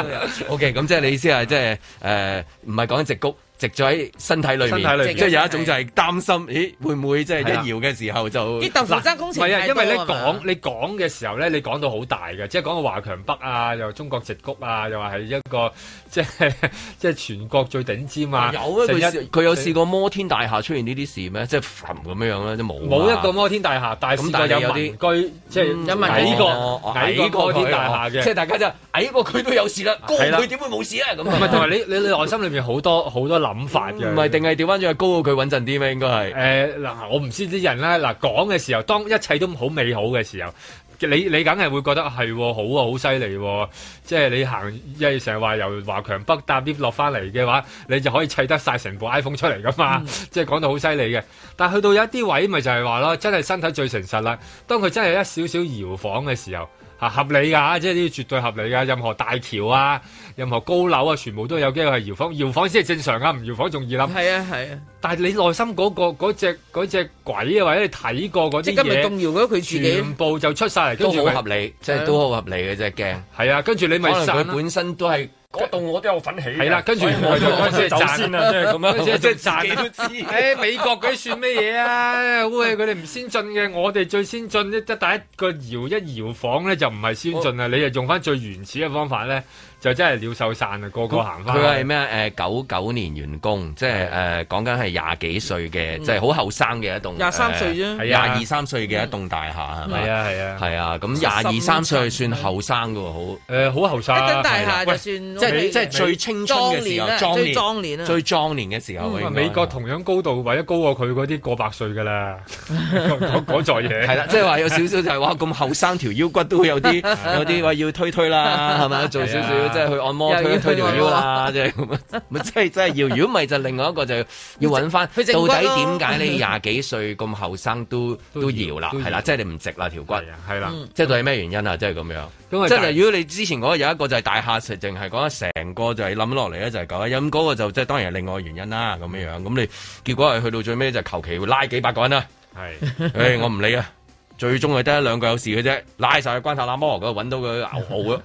，OK，咁即係你意思係即係誒，唔係講緊直谷。直咗喺身體裏面，即係有一種就係擔心，咦會唔會即係一搖嘅時候就嗱，啊，因為你講你講嘅時候咧，你講到好大嘅，即係講到華強北啊，又中國矽谷啊，又話係一個即係即係全國最頂尖啊，有啊，佢有試過摩天大廈出現呢啲事咩？即係墳咁樣樣冇一個摩天大廈，但係有啲，即係呢個矮個大廈嘅，即係大家就矮個佢都有事啦，高佢點會冇事咧？咁同埋你你內心裏邊好多好多諗法、嗯，唔係定係調翻轉去高過佢穩陣啲咩？應該係誒，嗱我唔知啲人咧、啊，嗱講嘅時候，當一切都好美好嘅時候，你你梗係會覺得係、哎、好啊，好犀利、啊，即係你行即係成日話由華強北搭 lift 落翻嚟嘅話，你就可以砌得晒成部 iPhone 出嚟噶嘛，嗯、即係講到好犀利嘅。但係去到有一啲位，咪就係話咯，真係身體最誠實啦。當佢真係一少少搖晃嘅時候。啊，合理噶，即係呢啲絕對合理噶，任何大橋啊，任何高樓啊，全部都有機會係搖晃，搖晃先係正常啊，唔搖晃仲易諗。係啊係啊，但係你內心嗰個嗰隻嗰隻鬼啊，或者你睇過嗰啲嘢，全部就出曬嚟，都好合理，即係都好合理嘅啫。嘅係啊，跟住你咪可能佢本身都係。嗰度我都有份起，係啦，跟住即係走先啦走，即係咁樣， <laughs> 自己都知。誒、 <laughs> 哎，美國嗰啲算咩嘢啊？喂，佢哋唔先進嘅，我哋最先進一即係第一個搖一搖房咧，就唔係先進啊， <laughs> 你係用翻最原始嘅方法咧。就真係鳥獸散啊，個個行翻。佢係咩？誒九九年員工，即係誒講緊係廿幾歲嘅，即係好後生嘅一棟廿三歲啫，廿二三歲嘅一棟大廈係咪啊？係啊，係啊，咁廿二三歲算後生嘅喎，好誒，好後生一棟大廈就算，即係即係最青春最壯年啦，最壯年嘅時候。美國同樣高度，或者高過佢嗰啲過百歲嘅啦，嗰座嘢係啦，即係話有少少就係話，咁後生條腰骨都有啲，有啲話要推推啦，係咪？做少少。即係去按摩推推條腰啦，即係咁啊，咪真係真係搖。如果唔係就另外一個就要揾翻。到底點解你廿幾歲咁後生都都搖遙啦？係啦，了即係你唔直啦條骨，係啦、啊。啊嗯、即係到底咩原因啊？即係咁樣。即係如果你之前嗰個有一個就係大廈，淨係講咗成個就係諗落嚟咧就係咁。咁、那、嗰個就即係當然係另外原因啦、啊。咁樣樣咁、嗯嗯、你結果係去到最尾就求其會拉幾百個人啦。係，誒我唔理啊。是哎最終係得一兩個有事嘅啫，拉晒去關塔那摩度，揾到佢熬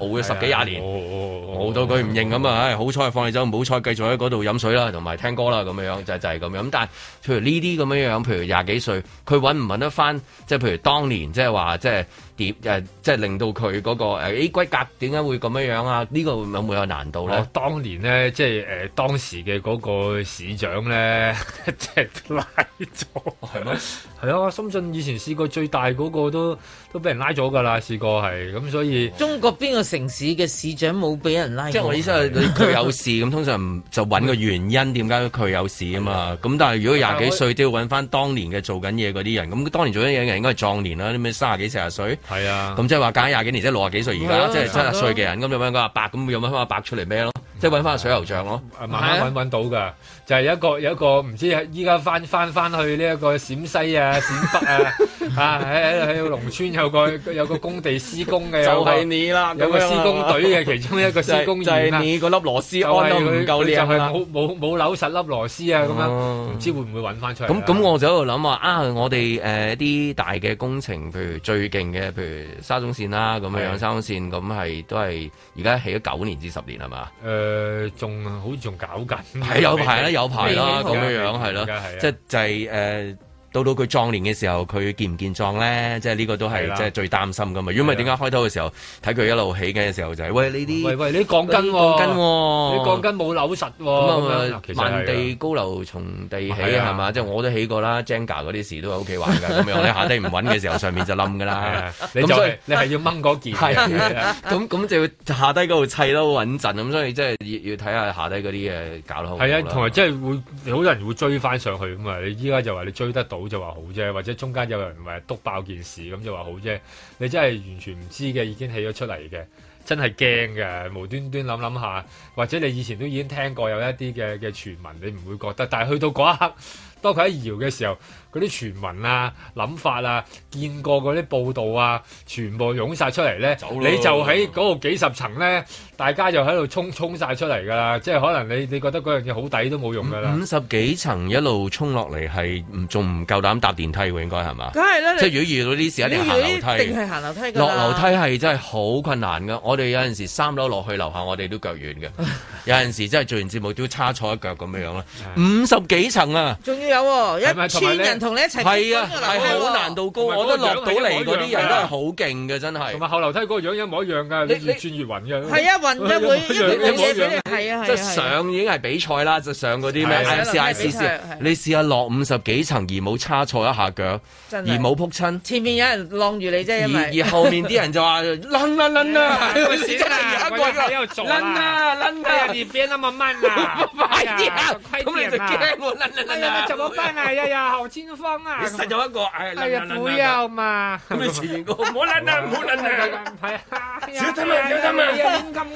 咗十幾廿年， <laughs> 熬到佢唔認咁啊！唉、哎，好彩放你走，唔好再繼續喺嗰度飲水啦，同埋聽歌啦咁樣，就就係咁樣。但係譬如呢啲咁樣樣，譬如廿幾歲，佢揾唔揾得翻，即係譬如當年即係話即係。跌誒，即係令到佢嗰、那個誒 A、哎、規格點解會咁樣樣啊？呢、這個有冇有難度咧、啊？當年呢，即係誒、呃、當時嘅嗰個市長咧，即 <laughs> 係拉咗，係咪嗎？係 <laughs> 啊，深圳以前試過最大嗰個都都俾人拉咗㗎啦，試過係咁，嗯，所以中國邊個城市嘅市長冇俾人拉？即係我意思係佢有事咁， <laughs> 通常就揾個原因點解佢有事啊嘛？咁 <laughs> 嗎但係如果廿幾歲都要揾翻當年嘅做緊嘢嗰啲人，咁 <laughs> 當年做緊嘢嘅人應該係壯年啦，你咩三十幾四十歲？係啊，咁即係話，隔咗廿幾年，即係六廿幾歲，而家即係七十歲嘅人，咁、啊、有咩嘢個阿伯，咁有咩嘢阿伯出嚟咩咯？即係揾翻個水牛象咯，慢慢揾揾到㗎，就係有一個有一個唔知依家翻翻翻去呢一個陝西啊、陝北啊，喺喺個農村有個有個工地施工嘅，就係你啦，有個施工隊嘅其中一個施工員，你個粒螺絲安到唔夠力，就係冇冇扭實粒螺絲啊咁樣，唔知會唔會揾翻出嚟？咁咁我就喺度諗話啊，我哋誒啲大嘅工程，譬如最勁嘅，譬如沙中線啦咁樣，沙中線咁係都係而家起咗九年至十年係嘛？誒，仲、呃、好似仲搞緊，係有排啦，有排啦，咁樣樣係咯，即係就係誒。到到佢壯年嘅時候，佢健唔健壯咧？即係呢個都係即係最擔心噶嘛。如果唔係點解開頭嘅時候睇佢一路起嘅時候就係喂呢啲？喂喂，你鋼筋喎，你鋼筋冇扭實喎。咁啊，萬地高樓從地起係嘛？即係我都起過啦，Jenga 嗰啲時都喺屋企玩㗎。咁樣你下低唔穩嘅時候，上面就冧㗎啦。你再你係要掹嗰件，咁咁就要下低嗰度砌得好穩陣。咁所以即係要睇下下低嗰啲嘢搞得好。係啊，同埋即係會好多人會追翻上去咁啊。你依家就話你追得到。就話好啫， <laughs> 或者中間有人咪督爆件事咁就話好啫。你真係完全唔知嘅，已經起咗出嚟嘅，真係驚嘅。無端端諗諗下，或者你以前都已經聽過有一啲嘅嘅傳聞，你唔會覺得。但係去到嗰一刻，當佢喺搖嘅時候，嗰啲傳聞啊、諗法啊、見過嗰啲報道啊，全部湧晒出嚟了呢，你就喺嗰個幾十層呢。大家就喺度衝衝晒出嚟噶啦，即係可能你你覺得嗰樣嘢好抵都冇用噶啦。五十幾層一路衝落嚟係唔仲唔夠膽搭電梯喎？應該係嘛？梗係啦，即係如果遇到啲事一定要行樓梯。定係行樓梯。落樓梯係真係好困難噶。我哋有陣時三樓落去樓下，我哋都腳軟嘅。有陣時真係做完節目都差錯一腳咁樣樣啦。五十幾層啊，仲要有一千人同你一齊係啊，係係好難度過。我覺得落到嚟嗰啲人都係好勁嘅，真係。同埋後樓梯個樣一模一樣㗎，你越轉越暈㗎。係啊。運嘅會，即係上已經係比賽啦，就上嗰啲咩，試下試試，你試下落五十幾層而冇差錯一下腳，而冇撲親。前面有人晾住你啫，而而後面啲人就話：撚撚撚啊！撚啊撚啊！哎呀，你別那麼慢啦，快啲啊！咁你就驚我撚撚撚啊！怎麼辦啊？呀呀，好驚慌啊！你實有一個，哎呀，苦又嘛。咁你前邊個唔好撚啊，唔好撚啊！小偷啊，小偷啊！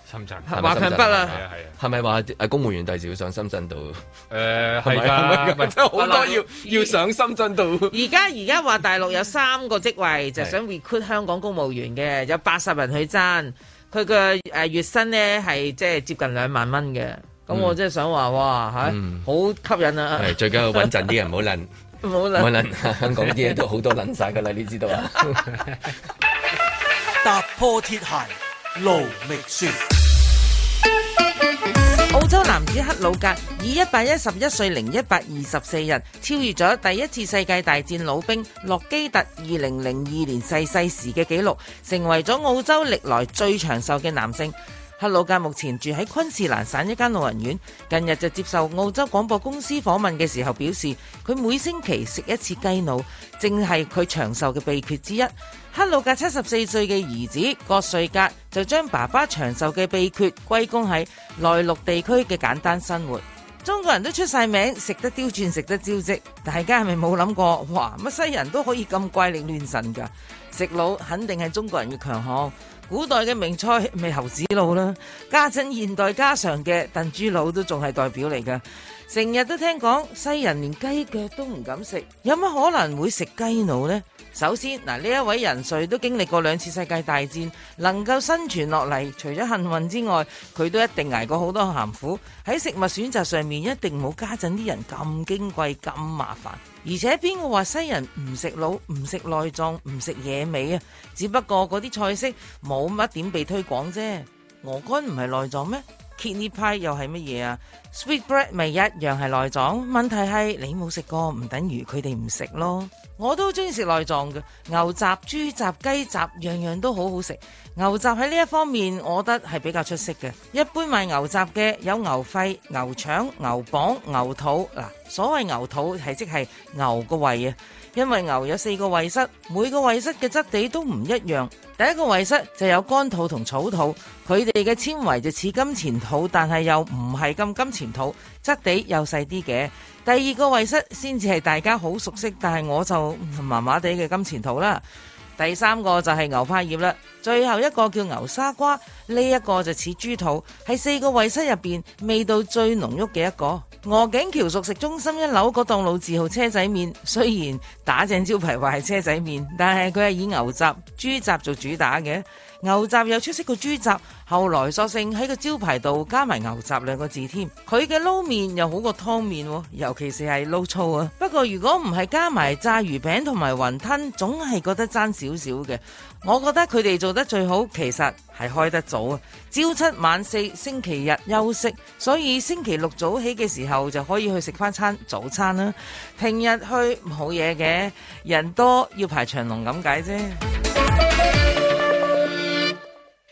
深圳，話華強北啦，係啊係啊，係咪話誒公務員第時要上深圳度？誒係㗎，真係好多要要上深圳度。而家而家話大陸有三個職位就想 recruit 香港公務員嘅，有八十人去爭，佢嘅誒月薪呢係即係接近兩萬蚊嘅。咁我真係想話，哇嚇，好吸引啊！係最緊要穩陣啲人唔好撚，唔好撚，香港啲嘢都好多撚晒㗎啦，你知道啊？踏破鐵鞋路未説。澳洲男子克魯格以一百一十一歲零一百二十四日超越咗第一次世界大戰老兵洛基特二零零二年逝世時嘅紀錄，成為咗澳洲歷來最長壽嘅男性。克魯格目前住喺昆士蘭省一間老人院。近日就接受澳洲廣播公司訪問嘅時候，表示佢每星期食一次雞腦，正係佢長壽嘅秘訣之一。克魯格七十四歲嘅兒子郭瑞格就將爸爸長壽嘅秘訣歸功喺內陸地區嘅簡單生活。中國人都出晒名，食得刁鑽，食得招積，大家係咪冇諗過？哇！乜西人都可以咁怪力亂神噶，食腦肯定係中國人嘅強項。古代嘅名菜咪猴子腦啦，家陣現代家常嘅燉豬腦都仲係代表嚟噶。成日都聽講西人連雞腳都唔敢食，有乜可能會食雞腦呢？首先，嗱，呢一位人瑞都經歷過兩次世界大戰，能夠生存落嚟，除咗幸運之外，佢都一定捱過好多鹹苦。喺食物選擇上面，一定冇家陣啲人咁矜貴、咁麻煩。而且邊個話西人唔食腦、唔食內臟、唔食野味啊？只不過嗰啲菜式冇乜點被推廣啫。鵝肝唔係內臟咩？Kidney pie 又係乜嘢啊？Sweet bread 咪一樣係內臟，問題係你冇食過，唔等於佢哋唔食咯。我都中意食內臟嘅，牛雜、豬雜、雞雜，樣樣都好好食。牛雜喺呢一方面，我覺得係比較出色嘅。一般賣牛雜嘅有牛肺、牛腸、牛膀、牛肚。嗱，所謂牛肚係即係牛個胃啊。因為牛有四個胃室，每個胃室嘅質地都唔一樣。第一個胃室就有乾肚同草肚，佢哋嘅纖維就似金錢肚，但係又唔係咁金錢肚，質地又細啲嘅。第二個胃室先至係大家好熟悉，但係我就麻麻地嘅金錢肚啦。第三個就係牛柏葉啦，最後一個叫牛沙瓜，呢、這、一個就似豬肚，係四個胃室入邊味道最濃郁嘅一個。鵝頸橋熟食中心一樓嗰檔老字號車仔麵，雖然打正招牌話係車仔麵，但係佢係以牛雜、豬雜做主打嘅。牛雜有出色過豬雜，後來索性喺個招牌度加埋牛雜兩個字添。佢嘅撈麵又好過湯麵，尤其是係撈醋啊。不過如果唔係加埋炸魚餅同埋雲吞，總係覺得爭少少嘅。我覺得佢哋做得最好，其實係開得早啊，朝七晚四，星期日休息，所以星期六早起嘅時候就可以去食返餐早餐啦。平日去冇嘢嘅，人多要排長龍咁解啫。